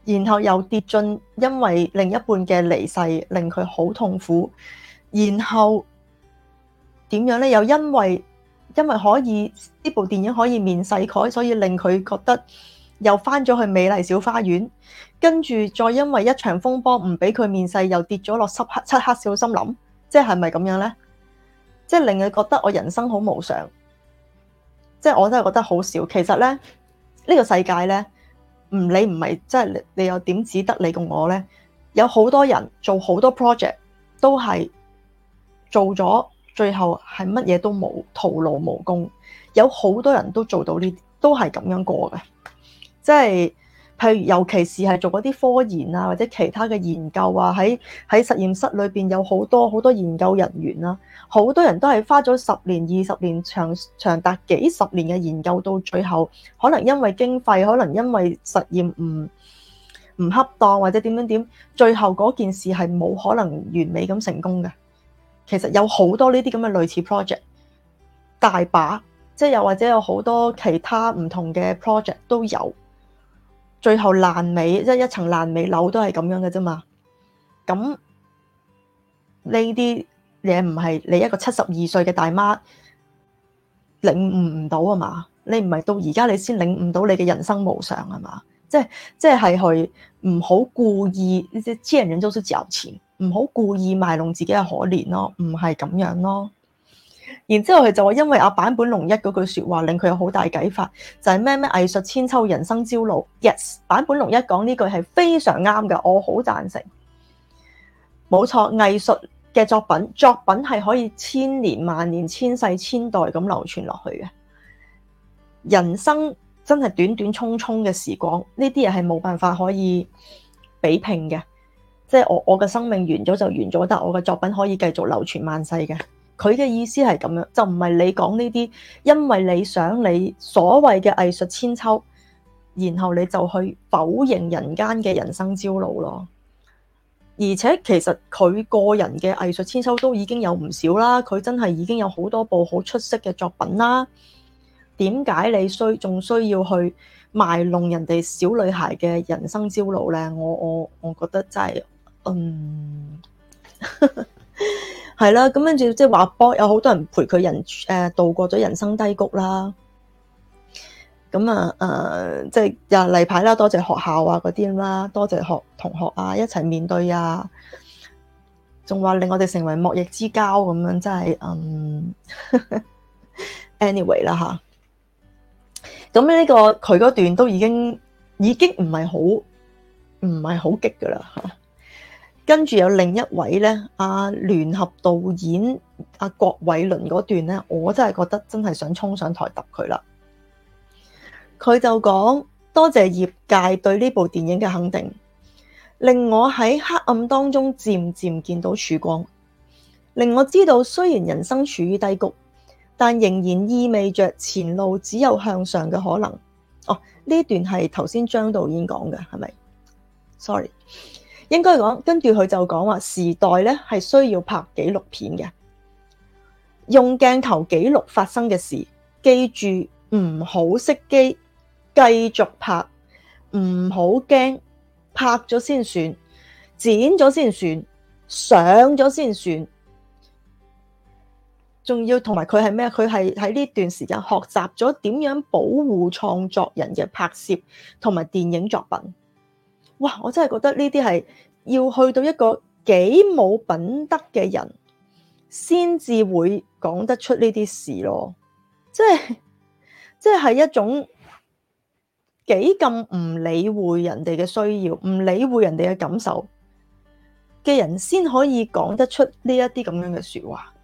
然後又跌進，因為另一半嘅離世令佢好痛苦，然後點樣呢？又因為因為可以呢部電影可以面世改，所以令佢覺得。又翻咗去美麗小花園，跟住再因為一場風波，唔俾佢面世，又跌咗落濕黑漆黑小森林，即係咪咁樣呢？即係令佢覺得我人生好無常，即係我真係覺得好少。其實呢，呢，呢個世界呢，唔理唔係，即係你又點只得你共我呢？有好多人做好多 project，都係做咗，最後係乜嘢都冇，徒勞無功。有好多人都做到呢啲，都係咁樣過嘅。即係譬如，尤其是係做嗰啲科研啊，或者其他嘅研究啊，喺喺實驗室裏面有好多好多研究人員啊。好多人都係花咗十年、二十年長、長長達幾十年嘅研究，到最後可能因為經費，可能因為實驗唔唔恰當，或者點樣點，最後嗰件事係冇可能完美咁成功嘅。其實有好多呢啲咁嘅類似 project，大把，即係又或者有好多其他唔同嘅 project 都有。最後爛尾，即係一層爛尾樓都係咁樣嘅啫嘛。咁呢啲嘢唔係你一個七十二歲嘅大媽領悟唔到啊嘛。你唔係到而家你先領悟到你嘅人生無常啊嘛。即係即係去唔好故意即係欺人以欺人以取錢，唔好故意賣弄自己嘅可憐咯，唔係咁樣咯。然之後佢就話，因為阿、啊、坂本龍一嗰句說話，令佢有好大啟發，就係咩咩藝術千秋，人生朝露。Yes，坂本龍一講呢句係非常啱嘅，我好贊成。冇錯，藝術嘅作品，作品係可以千年萬年、千世千代咁流傳落去嘅。人生真係短短匆匆嘅時光，呢啲嘢係冇辦法可以比拼嘅。即、就、係、是、我我嘅生命完咗就完咗，得我嘅作品可以繼續流傳萬世嘅。佢嘅意思係咁樣，就唔係你講呢啲，因為你想你所謂嘅藝術千秋，然後你就去否認人間嘅人生朝露咯。而且其實佢個人嘅藝術千秋都已經有唔少啦，佢真係已經有好多部好出色嘅作品啦。點解你需仲需要去賣弄人哋小女孩嘅人生朝露呢？我我我覺得真、就、係、是，嗯。 (laughs) 係啦，咁跟住即係話波，嗯、有好多人陪佢人誒渡、嗯、過咗人生低谷啦。咁啊誒，即係又例牌啦，嗯就是、多謝學校啊嗰啲啦，多謝學同學啊一齊面對啊，仲話令我哋成為莫逆之交咁樣，真係嗯。Anyway 啦吓、這個，咁呢個佢嗰段都已經已經唔係好唔係好激噶啦跟住有另一位咧，阿、啊、聯合導演阿、啊、郭偉倫嗰段咧，我真係覺得真係想衝上台揼佢啦！佢就講：多謝業界對呢部電影嘅肯定，令我喺黑暗當中漸漸見到曙光，令我知道雖然人生處於低谷，但仍然意味着前路只有向上嘅可能。哦、啊，呢段係頭先張導演講嘅係咪？Sorry。應該講，跟住佢就講話時代咧係需要拍紀錄片嘅，用鏡頭紀錄發生嘅事，記住唔好熄機，繼續拍，唔好驚，拍咗先算，剪咗先算，上咗先算，仲要同埋佢係咩？佢係喺呢段時間學習咗點樣保護創作人嘅拍攝同埋電影作品。哇！我真係覺得呢啲係要去到一個幾冇品德嘅人，先至會講得出呢啲事咯。即係即係一種幾咁唔理會人哋嘅需要，唔理會人哋嘅感受嘅人，先可以講得出呢一啲咁樣嘅說話。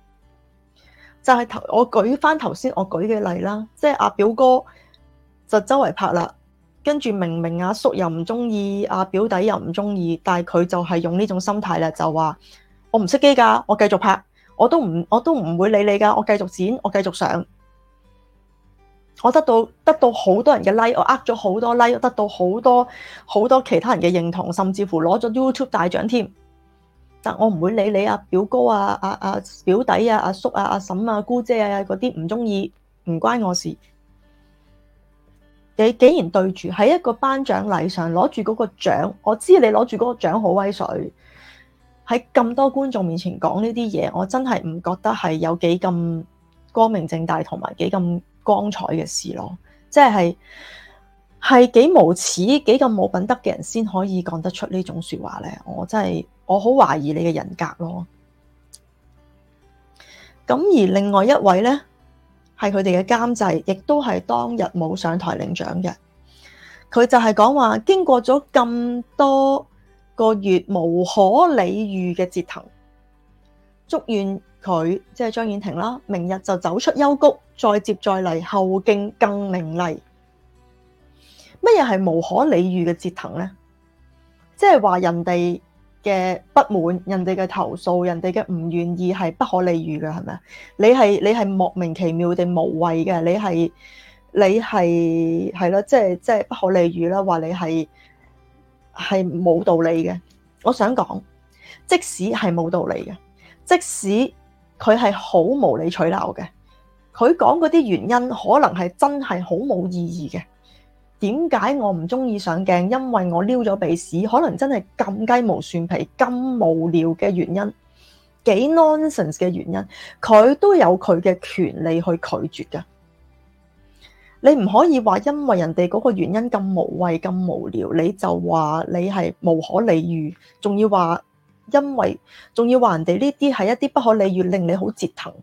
就係頭我舉翻，頭先我舉嘅例啦，即係阿表哥就周圍拍啦。跟住明明阿叔又唔中意，阿表弟又唔中意，但係佢就係用呢種心態咧，就話我唔識機噶，我繼續拍，我都唔我都唔會理你噶，我繼續剪，我繼續上，我得到得到好多人嘅 like，我呃咗好多 like，得到好多好多其他人嘅認同，甚至乎攞咗 YouTube 大獎添。但我唔會理你阿、啊、表哥啊、阿、啊、阿、啊、表弟啊、阿叔啊、阿嬸啊、姑姐啊嗰啲唔中意，唔關我事。你竟然對住喺一個頒獎禮上攞住嗰個獎，我知你攞住嗰個獎好威水，喺咁多觀眾面前講呢啲嘢，我真係唔覺得係有幾咁光明正大同埋幾咁光彩嘅事咯。即係係幾無恥、幾咁冇品德嘅人先可以講得出呢種説話咧？我真係我好懷疑你嘅人格咯。咁而另外一位呢？係佢哋嘅監製，亦都係當日冇上台領獎嘅。佢就係講話經過咗咁多個月無可理喻嘅折騰，祝願佢即係張婉婷啦，明日就走出幽谷，再接再厲，後勁更凌厲。乜嘢係無可理喻嘅折騰呢？即係話人哋。嘅不滿，人哋嘅投訴，人哋嘅唔願意係不可理喻嘅，係咪？你係你係莫名其妙定無謂嘅？你係你係係咯，即係即係不可理喻啦！話你係係冇道理嘅。我想講，即使係冇道理嘅，即使佢係好無理取鬧嘅，佢講嗰啲原因可能係真係好冇意義嘅。點解我唔中意上鏡？因為我撩咗鼻屎，可能真係咁雞毛蒜皮、咁無聊嘅原因，幾 nonsense 嘅原因，佢都有佢嘅權利去拒絕㗎。你唔可以話因為人哋嗰個原因咁無謂、咁無聊，你就話你係無可理喻，仲要話因為仲要話人哋呢啲係一啲不可理喻，令你好折騰，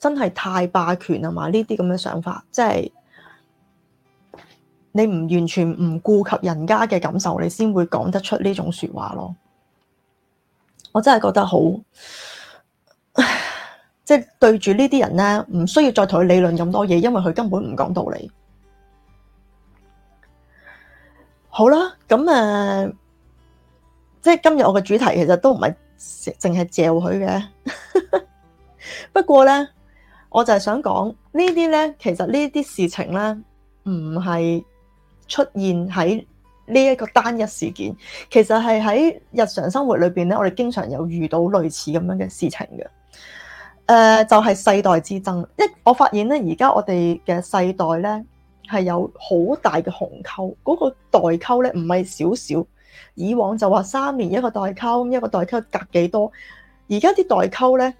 真係太霸權啊嘛！呢啲咁嘅想法，即係。你唔完全唔顧及人家嘅感受，你先會講得出呢種説話咯。我真係覺得好，即係、就是、對住呢啲人咧，唔需要再同佢理論咁多嘢，因為佢根本唔講道理。好啦，咁誒，即、呃、係、就是、今日我嘅主題其實都唔係淨係嚼佢嘅。 (laughs) 不過咧，我就係想講呢啲咧，其實呢啲事情咧，唔係，出現喺呢一個單一事件，其實係喺日常生活裏邊咧，我哋經常有遇到類似咁樣嘅事情嘅。誒、呃，就係、是、世代之爭，一我發現咧，而家我哋嘅世代咧係有好大嘅鴻溝，嗰、那個代溝咧唔係少少。以往就話三年一個代溝，一個代溝隔幾多，而家啲代溝咧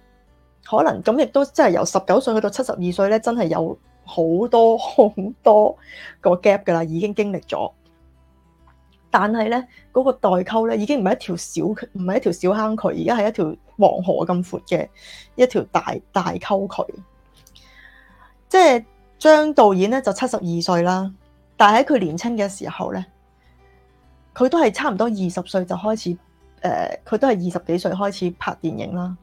可能咁亦都即係、就是、由十九歲去到七十二歲咧，真係有。好多好多個 gap 㗎喇，已經經歷咗。但係咧，嗰個代溝咧已經唔係一條小唔係一條小坑渠，而家係一條黃河咁闊嘅一條大大溝渠。即係張導演咧就七十二歲啦，但係喺佢年輕嘅時候咧，佢都係差唔多二十歲就開始，誒，佢都係二十幾歲開始拍電影啦。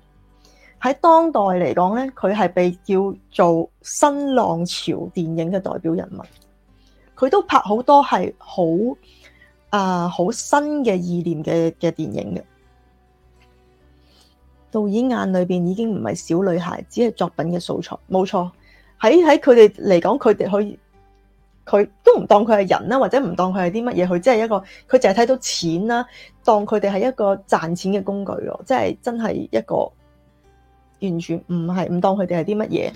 喺當代嚟講咧，佢係被叫做新浪潮電影嘅代表人物。佢都拍好多係好啊，好新嘅意念嘅嘅電影嘅。導演眼裏邊已經唔係小女孩，只係作品嘅素材。冇錯，喺喺佢哋嚟講，佢哋可以佢都唔當佢係人啦，或者唔當佢係啲乜嘢，佢即係一個佢淨係睇到錢啦，當佢哋係一個賺錢嘅工具囉，即係真係一個。完全唔係，唔當佢哋係啲乜嘢。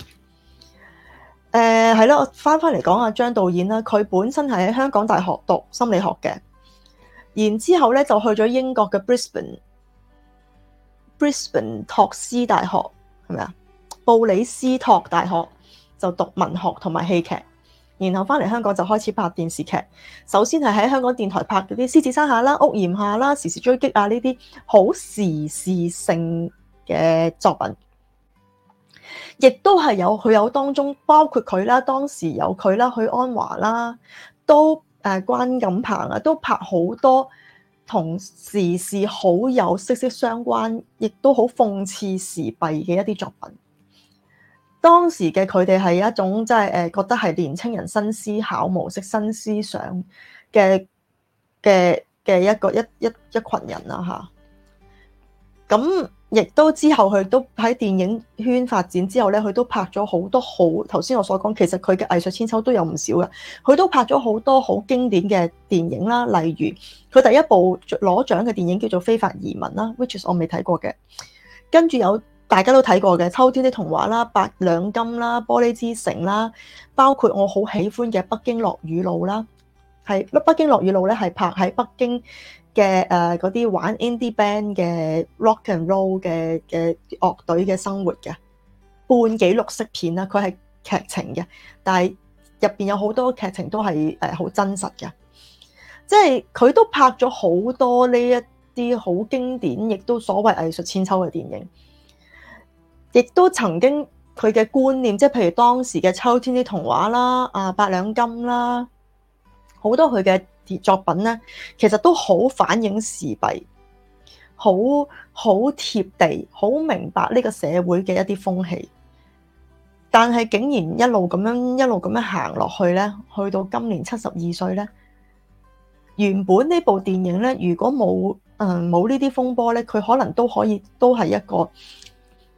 誒係咯，我翻翻嚟講阿張導演啦，佢本身係喺香港大學讀心理學嘅，然之後咧就去咗英國嘅 Br Brisbane Brisbane 托斯大學係咪啊？布里斯托大學就讀文學同埋戲劇，然後翻嚟香港就開始拍電視劇。首先係喺香港電台拍嗰啲《獅子山下》啦、《屋檐下》啦、《時時追擊下》啊呢啲好時事性嘅作品。亦都係有佢有當中，包括佢啦，當時有佢啦，許鞍華啦，都誒關錦鵬啊，都拍好多，同時事好有息息相關，亦都好諷刺時弊嘅一啲作品。當時嘅佢哋係一種即係誒覺得係年輕人新思考模式、新思想嘅嘅嘅一個一一一群人啦嚇。咁亦都之後，佢都喺電影圈發展之後咧，佢都拍咗好多好頭先我所講，其實佢嘅藝術千秋都有唔少嘅。佢都拍咗好多好經典嘅電影啦，例如佢第一部攞獎嘅電影叫做《非法移民》啦，which is 我未睇過嘅。跟住有大家都睇過嘅《秋天的童話》啦，《八兩金》啦，《玻璃之城》啦，包括我好喜歡嘅《北京樂與路》啦。係《北京樂與路》咧，係拍喺北京。嘅誒嗰啲玩 indie band 嘅 rock and roll 嘅嘅樂隊嘅生活嘅半紀錄式片啦，佢係劇情嘅，但係入邊有好多劇情都係誒好真實嘅，即係佢都拍咗好多呢一啲好經典，亦都所謂藝術千秋嘅電影，亦都曾經佢嘅觀念，即係譬如當時嘅《秋天的童話》啦、啊《八兩金》啦，好多佢嘅作品咧，其實都好反映時弊，好好貼地，好明白呢個社會嘅一啲風氣。但係竟然一路咁樣，一路咁樣行落去咧，去到今年七十二歲咧，原本呢部電影咧，如果冇誒冇呢啲風波咧，佢可能都可以都係一個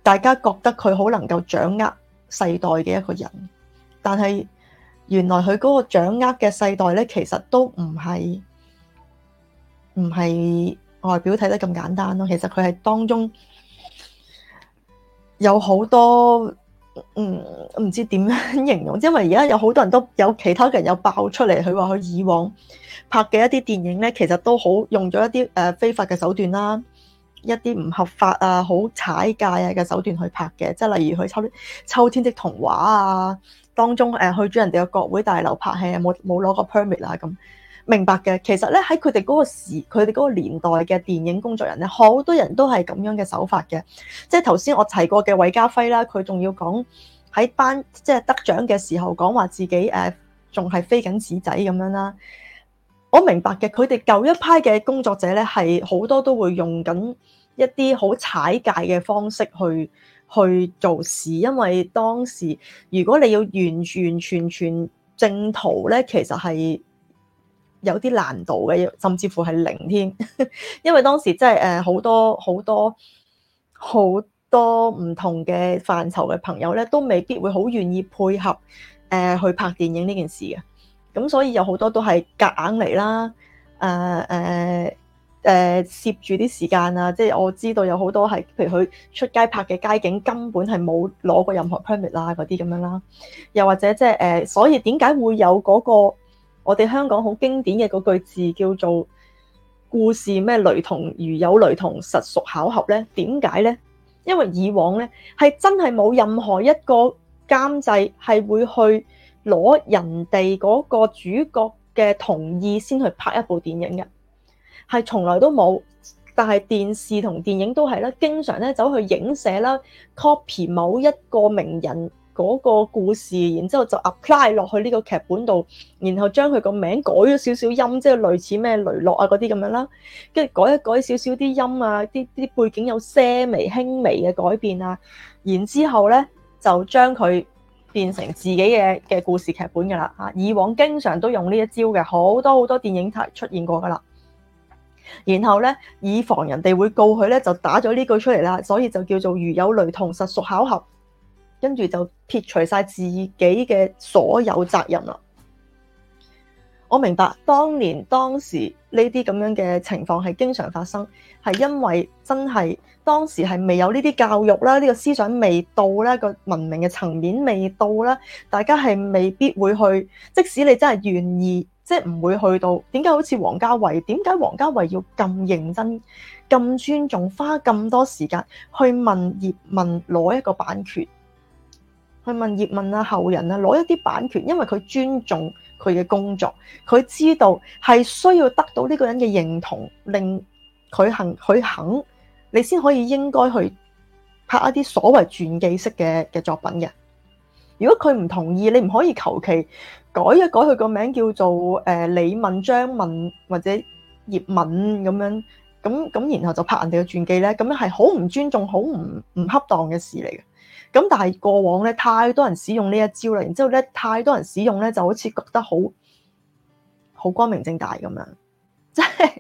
大家覺得佢好能夠掌握世代嘅一個人，但係。原來佢嗰個掌握嘅世代咧，其實都唔係唔係外表睇得咁簡單咯。其實佢係當中有好多，嗯，唔知點樣形容。因為而家有好多人都有其他嘅人有爆出嚟，佢話佢以往拍嘅一啲電影咧，其實都好用咗一啲誒非法嘅手段啦，一啲唔合法啊、好踩界啊嘅手段去拍嘅，即係例如佢秋，《秋天的童話》啊。當中誒去咗人哋嘅國會大樓拍戲啊，冇冇攞個 permit 啊咁，明白嘅。其實咧喺佢哋嗰個時，佢哋嗰個年代嘅電影工作人咧，好多人都係咁樣嘅手法嘅。即係頭先我提過嘅韋家輝啦，佢仲要講喺班即係、就是、得獎嘅時候，講話自己誒仲係飛緊紙仔咁樣啦。我明白嘅，佢哋舊一派嘅工作者咧，係好多都會用緊一啲好踩界嘅方式去。去做事，因為當時如果你要完完全全正途咧，其實係有啲難度嘅，甚至乎係零添。因為當時即係誒好多好多好多唔同嘅範疇嘅朋友咧，都未必會好願意配合誒去拍電影呢件事嘅。咁所以有好多都係夾硬嚟啦，誒、呃、誒。呃誒攝住啲時間啊！即係我知道有好多係，譬如佢出街拍嘅街景，根本係冇攞過任何 permit 啦，嗰啲咁樣啦。又或者即係誒，所以點解會有嗰個我哋香港好經典嘅嗰句字叫做故事咩雷同，如有雷同，實屬巧合咧。點解咧？因為以往咧係真係冇任何一個監製係會去攞人哋嗰個主角嘅同意先去拍一部電影嘅。係從來都冇，但係電視同電影都係啦。經常咧走去影射啦，copy 某一個名人嗰個故事，然之後就 apply 落去呢個劇本度，然後將佢個名改咗少少音，即係類似咩雷洛啊嗰啲咁樣啦，跟住改一改少少啲音啊，啲啲背景有些微輕微嘅改變啊，然之後咧就將佢變成自己嘅嘅故事劇本㗎啦。啊，以往經常都用呢一招嘅好多好多電影睇出現過㗎啦。然後呢，以防人哋會告佢呢，就打咗呢句出嚟啦，所以就叫做如有雷同，實屬巧合，跟住就撇除晒自己嘅所有責任啦。我明白當年當時呢啲咁樣嘅情況係經常發生，係因為真係。當時係未有呢啲教育啦，呢個思想未到啦，個文明嘅層面未到啦，大家係未必會去。即使你真係願意，即係唔會去到。點解好似王家衛？點解王家衛要咁認真、咁尊重，花咁多時間去問葉問攞一個版權，去問葉問啊後人啊攞一啲版權，因為佢尊重佢嘅工作，佢知道係需要得到呢個人嘅認同，令佢肯佢肯。你先可以應該去拍一啲所謂傳記式嘅嘅作品嘅。如果佢唔同意，你唔可以求其改一改佢個名叫做誒李敏、張敏或者葉敏咁樣。咁咁然後就拍人哋嘅傳記咧，咁樣係好唔尊重、好唔唔恰當嘅事嚟嘅。咁但係過往咧，太多人使用呢一招啦，然之後咧，太多人使用咧，就好似覺得好好光明正大咁樣，即係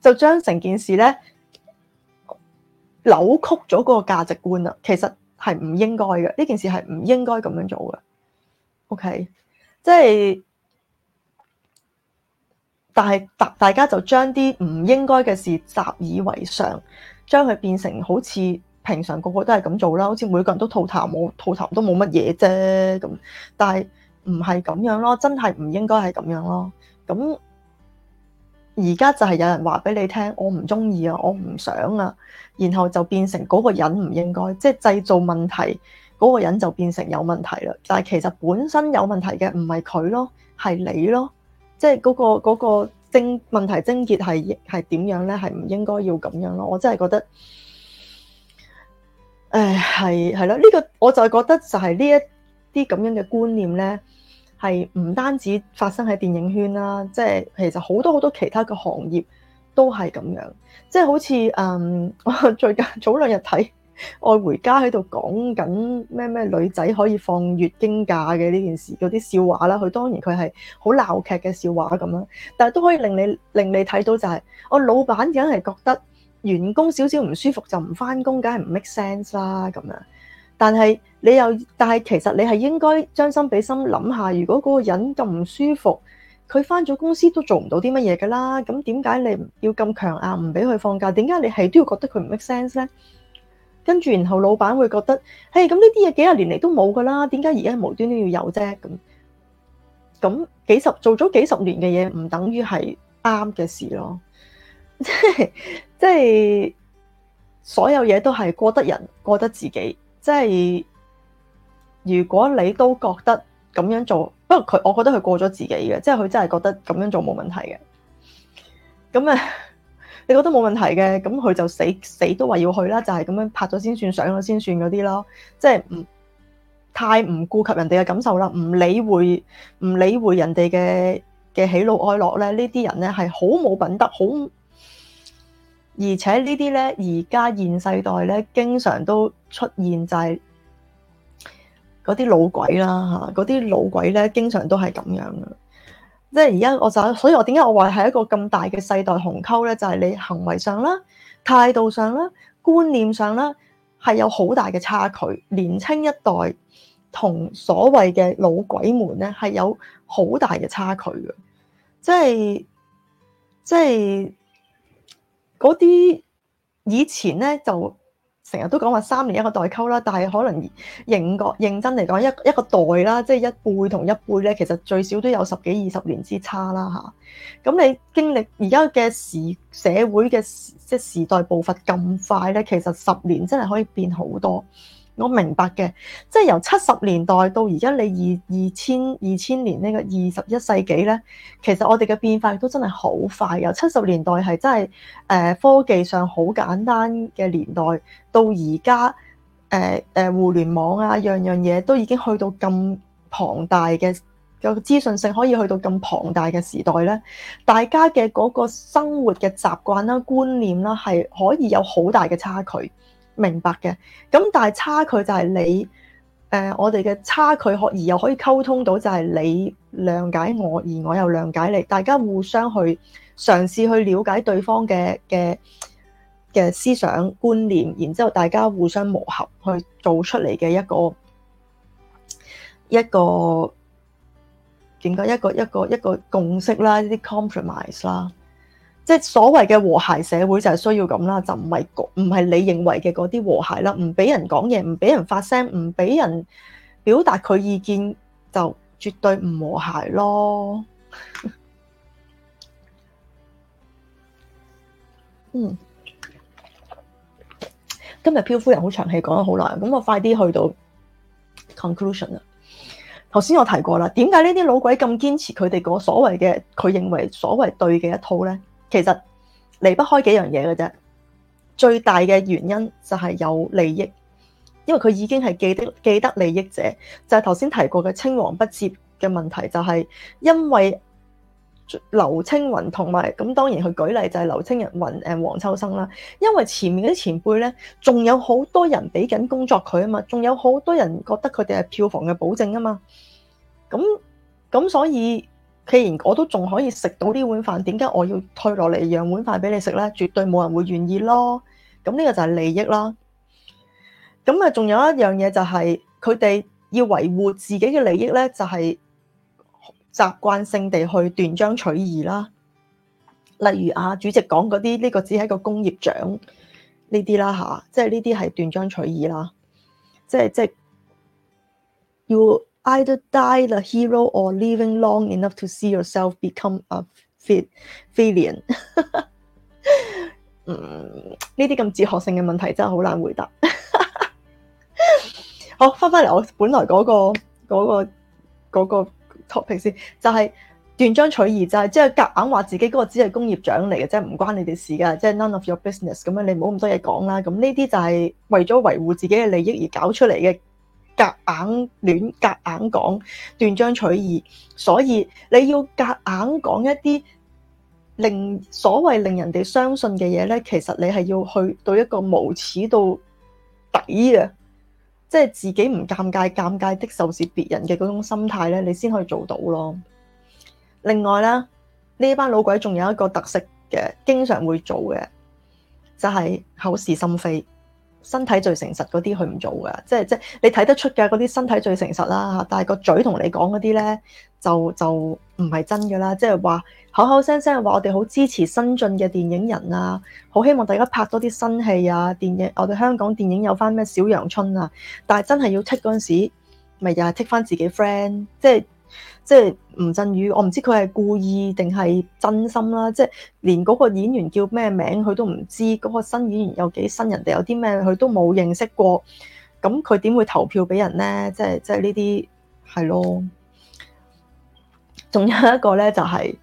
就將成件事咧。扭曲咗嗰個價值觀啊，其實係唔應該嘅，呢件事係唔應該咁樣做嘅。OK，即係，但係大大家就將啲唔應該嘅事習以為常，將佢變成好似平常個個都係咁做啦，好似每個人都吐痰冇吐痰都冇乜嘢啫咁，但係唔係咁樣咯，真係唔應該係咁樣咯，咁。而家就係有人話俾你聽，我唔中意啊，我唔想啊，然後就變成嗰個人唔應該，即係製造問題嗰、嗰個人就變成有問題啦。但係其實本身有問題嘅唔係佢咯，係你咯，即係、嗰、嗰個症、嗰個、問題症結係係點樣咧？係唔應該要咁樣咯。我真係覺得，誒係係啦，呢、呢個我就覺得就係呢一啲咁樣嘅觀念咧。係唔單止發生喺電影圈啦，即係其實好多好多其他嘅行業都係咁樣，即係好似、嗯、我最近早兩日睇《愛回家》喺度講緊咩咩女仔可以放月經假嘅呢件事，嗰啲笑話啦，佢當然佢係好鬧劇嘅笑話咁啦，但係都可以令你令你睇到就係我老闆梗係覺得員工少少唔舒服就唔翻工，梗係唔 make sense 啦咁樣。但係你又，但係其實你係應該將心比心諗下。如果嗰個人咁唔舒服，佢翻咗公司都做唔到啲乜嘢噶啦。咁點解你唔要咁強硬唔俾佢放假？點解你係都要覺得佢唔 make sense 咧？跟住然後老闆會覺得，誒咁呢啲嘢幾廿年嚟都冇噶啦，點解而家無端端要有啫？咁咁幾十做咗幾十年嘅嘢，唔等於係啱嘅事咯。即係即係所有嘢都係過得人過得自己。即係如果你都覺得咁樣做，不過佢，我覺得佢過咗自己嘅，即係佢真係覺得咁樣做冇問題嘅。咁啊，你覺得冇問題嘅，咁佢就死死都話要去啦，就係咁樣拍咗先算，上咗先算嗰啲咯。即係唔太唔顧及人哋嘅感受啦，唔理會唔理會人哋嘅嘅喜怒哀樂咧。呢啲人咧係好冇品德，好。而且這些呢啲咧，而家現世代咧，經常都出現就係嗰啲老鬼啦嚇，嗰啲老鬼咧，經常都係咁樣嘅。即係而家我就，所以我點解我話係一個咁大嘅世代鴻溝咧？就係、是、你行為上啦、態度上啦、觀念上啦，係有好大嘅差距。年青一代同所謂嘅老鬼們咧，係有好大嘅差距嘅。即係即係。嗰啲以前咧就成日都講話三年一個代溝啦，但係可能認覺認真嚟講，一一個代啦，即係一輩同一輩咧，其實最少都有十幾二十年之差啦嚇。咁你經歷而家嘅時社會嘅即係時代步伐咁快咧，其實十年真係可以變好多。我明白嘅，即係由七十年代到而家，你二二千二千年這個呢個二十一世紀咧，其實我哋嘅變化亦都真係好快。由七十年代係真係誒、呃、科技上好簡單嘅年代，到而家誒誒互聯網啊，樣樣嘢都已經去到咁龐大嘅個資訊性，可以去到咁龐大嘅時代咧。大家嘅嗰個生活嘅習慣啦、觀念啦，係可以有好大嘅差距。明白嘅，咁但係差距就係你，誒、呃，我哋嘅差距，而又可以溝通到就係你諒解我，而我又諒解你，大家互相去嘗試去了解對方嘅嘅嘅思想觀念，然之後大家互相磨合去做出嚟嘅一個一個點講一個一個一個，一個共識啦，呢啲 compromise 啦。即係所謂嘅和諧社會就係需要咁啦，就唔係唔係你認為嘅嗰啲和諧啦，唔俾人講嘢，唔俾人發聲，唔俾人表達佢意見，就絕對唔和諧咯。嗯，今日漂夫人好長氣講咗好耐，咁我快啲去到 conclusion 啦。頭先我提過啦，點解呢啲老鬼咁堅持佢哋嗰所謂嘅佢認為所謂對嘅一套咧？其實離不開幾樣嘢嘅啫，最大嘅原因就係有利益，因為佢已經係既得既得利益者，就係頭先提過嘅青黃不接嘅問題，就係、是、因為劉青雲同埋咁，當然佢舉例就係劉青雲、雲，誒，黃秋生啦，因為前面啲前輩咧，仲有好多人俾緊工作佢啊嘛，仲有好多人覺得佢哋係票房嘅保證啊嘛，咁咁所以。既然我都仲可以食到呢碗飯，點解我要推落嚟讓碗飯俾你食咧？絕對冇人會願意咯。咁呢個就係利益啦。咁啊，仲有一樣嘢就係佢哋要維護自己嘅利益咧，就係習慣性地去斷章取義啦。例如啊，主席講嗰啲，呢個只係個工業獎呢啲啦吓，即係呢啲係斷章取義啦。即係即係要。either die the hero or living long enough to see yourself become a failure 呢啲咁哲學性嘅問題真係好難回答。 (laughs) 好翻翻嚟，我本來嗰個嗰個嗰個 topic 先，就係斷章取義，就係即係夾硬話自己嗰個只係工業獎嚟嘅，即係唔關你哋事噶，即係 none of your business 咁樣，你唔好咁多嘢講啦。咁呢啲就係為咗維護自己嘅利益而搞出嚟嘅。夾硬亂夾硬講斷章取義，所以你要夾硬講一啲令所謂令人哋相信嘅嘢咧，其實你係要去到一個無恥到底嘅，即係自己唔尷尬，尷尬的就係別人嘅嗰種心態咧，你先可以做到咯。另外咧，呢班老鬼仲有一個特色嘅，經常會做嘅就係口是心非。身體最誠實嗰啲佢唔做噶，即係即係你睇得出嘅嗰啲身體最誠實啦，但係個嘴同你講嗰啲咧就就唔係真噶啦，即係話口口聲聲話我哋好支持新進嘅電影人啊，好希望大家拍多啲新戲啊，電影我哋香港電影有翻咩小陽春啊，但係真係要 take 嗰陣時，咪又係 take 翻自己 friend 即係。即係吳鎮宇，我唔知佢係故意定係真心啦。即係連嗰個演員叫咩名，佢都唔知；嗰個新演員有幾新，人哋有啲咩，佢都冇認識過。咁佢點會投票俾人咧？即係即係呢啲係咯。仲有一個咧、就是，就係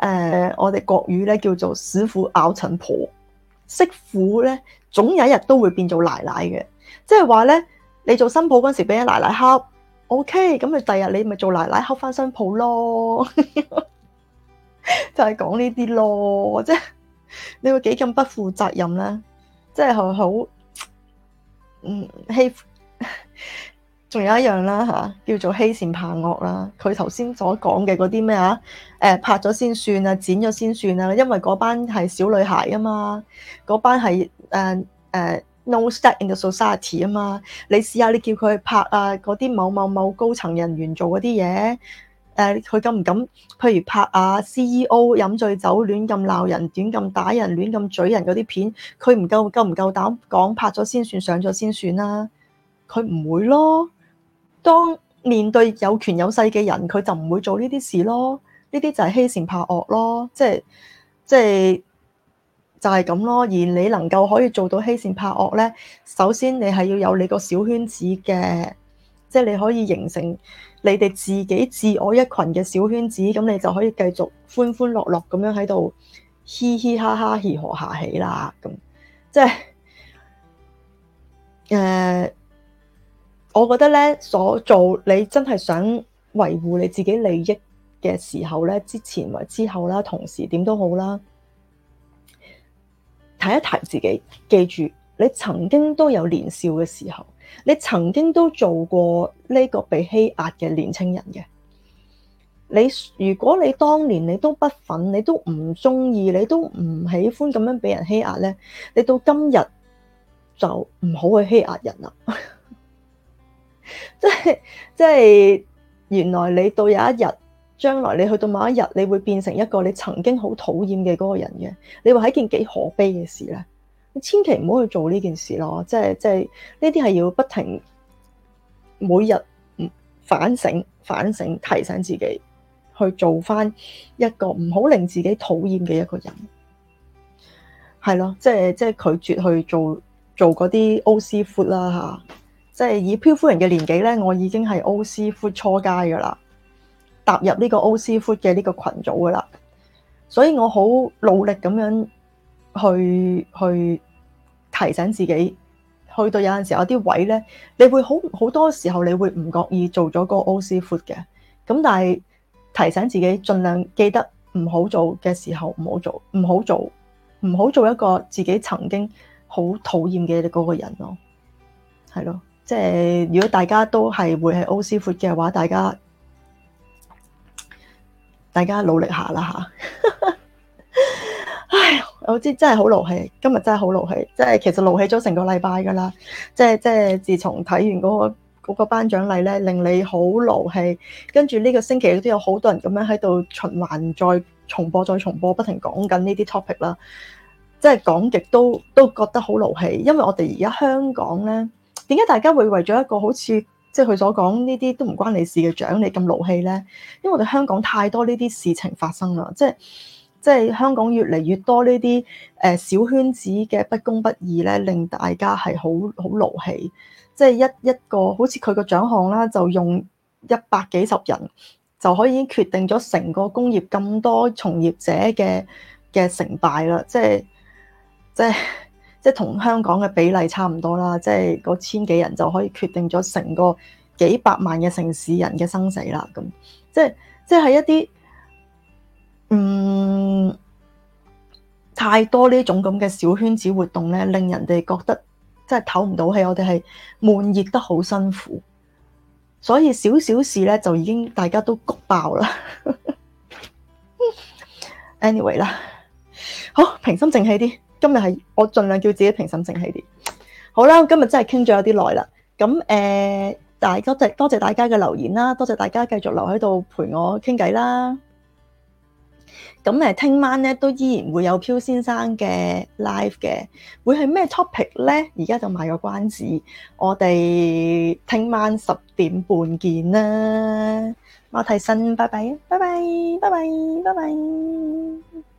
誒，我哋國語咧叫做媳婦熬成婆，媳婦咧總有一日都會變做奶奶嘅。即係話咧，你做新抱嗰陣時俾阿奶奶蝦。O K，咁咪第日你咪做奶奶恰翻新抱咯，就係講呢啲咯，即係你會幾咁不負責任啦，即係好好，嗯欺，仲有一樣啦吓、啊，叫做欺善怕惡啦。佢頭先所講嘅嗰啲咩啊，誒、呃、拍咗先算啊，剪咗先算啊，因為嗰班係小女孩啊嘛，嗰班係誒誒。呃呃 no state in the society 啊嘛，你試下你叫佢拍啊嗰啲某某某高層人員做嗰啲嘢，誒、呃、佢敢唔敢？譬如拍啊 CEO 飲醉酒亂咁鬧人、亂咁打人、亂咁嘴人嗰啲片，佢唔夠夠唔夠膽講拍咗先算上咗先算啦、啊？佢唔會咯。當面對有權有勢嘅人，佢就唔會做呢啲事咯。呢啲就係欺善怕惡咯，即係即係。就係咁咯，而你能夠可以做到欺善怕惡咧，首先你係要有你個小圈子嘅，即係你可以形成你哋自己自我一群嘅小圈子，咁你就可以繼續歡歡樂樂咁樣喺度嘻嘻哈哈、嘻嘻哈哈起啦，咁即係誒，uh，我覺得咧，所做你真係想維護你自己利益嘅時候咧，之前或之後啦，同時點都好啦。睇一睇自己，記住你曾經都有年少嘅時候，你曾經都做過呢個被欺壓嘅年輕人嘅。你如果你當年你都不憤，你都唔鍾意，你都唔喜歡咁樣俾人欺壓咧，你到今日就唔好去欺壓人啦。即係即係，原來你到有一日。將來你去到某一日，你會變成一個你曾經好討厭嘅嗰個人嘅。你話係件幾可悲嘅事咧，你千祈唔好去做呢件事咯。即係即係呢啲係要不停每日反省、反省、提醒自己去做翻一個唔好令自己討厭嘅一個人。係咯，即係即係拒絕去做做嗰啲 Old Seafood 啦、啊、吓。即係以漂夫人嘅年紀咧，我已經係 Old Seafood 初階噶啦。踏入呢個 Old Seafood 嘅呢個群組噶啦，所以我好努力咁樣去去提醒自己，去到有陣時有啲位咧，你會好好多時候你會唔覺意做咗個 Old Seafood 嘅，咁但係提醒自己盡量記得唔好做嘅時候唔好做，唔好做唔好做一個自己曾經好討厭嘅嗰個人咯，係咯，即係如果大家都係會係 Old Seafood 嘅話，大家。大家努力下啦吓！唉，我知真係好勞氣，今日真係好勞氣，即係其實勞氣咗成個禮拜噶啦。即係即係，自從睇完嗰個嗰個頒獎禮咧，令你好勞氣。跟住呢個星期都有好多人咁樣喺度循環再重播再重播，不停講緊呢啲 topic 啦。即係講極都都覺得好勞氣，因為我哋而家香港咧，點解大家會為咗一個好似即係佢所講呢啲都唔關你事嘅獎，你咁勞氣呢？因為我哋香港太多呢啲事情發生啦，即係即係香港越嚟越多呢啲誒小圈子嘅不公不義，呢令大家係好好勞氣。即係一一個好似佢個獎項啦，就用一百幾十人就可以決定咗成個工業咁多從業者嘅嘅成敗啦。即係即係。即係同香港嘅比例差唔多啦，即係嗰千幾人就可以決定咗成個幾百萬嘅城市人嘅生死啦。咁即係即係一啲嗯太多呢種咁嘅小圈子活動咧，令人哋覺得即係唞唔到氣，我哋係悶熱得好辛苦，所以小小事咧就已經大家都谷爆啦。Anyway 啦，好，平心靜氣啲。今日係我盡量叫自己平心靜氣啲。好啦，今日真係傾咗有啲耐啦。咁誒，大、呃、多謝多謝大家嘅留言啦，多謝大家繼續留喺度陪我傾偈啦。咁誒，聽晚咧都依然會有漂先生嘅 live 嘅，會係咩 topic 咧？而家就賣個關子，我哋聽晚十點半見啦。我睇新，拜拜，拜拜，拜拜，拜拜。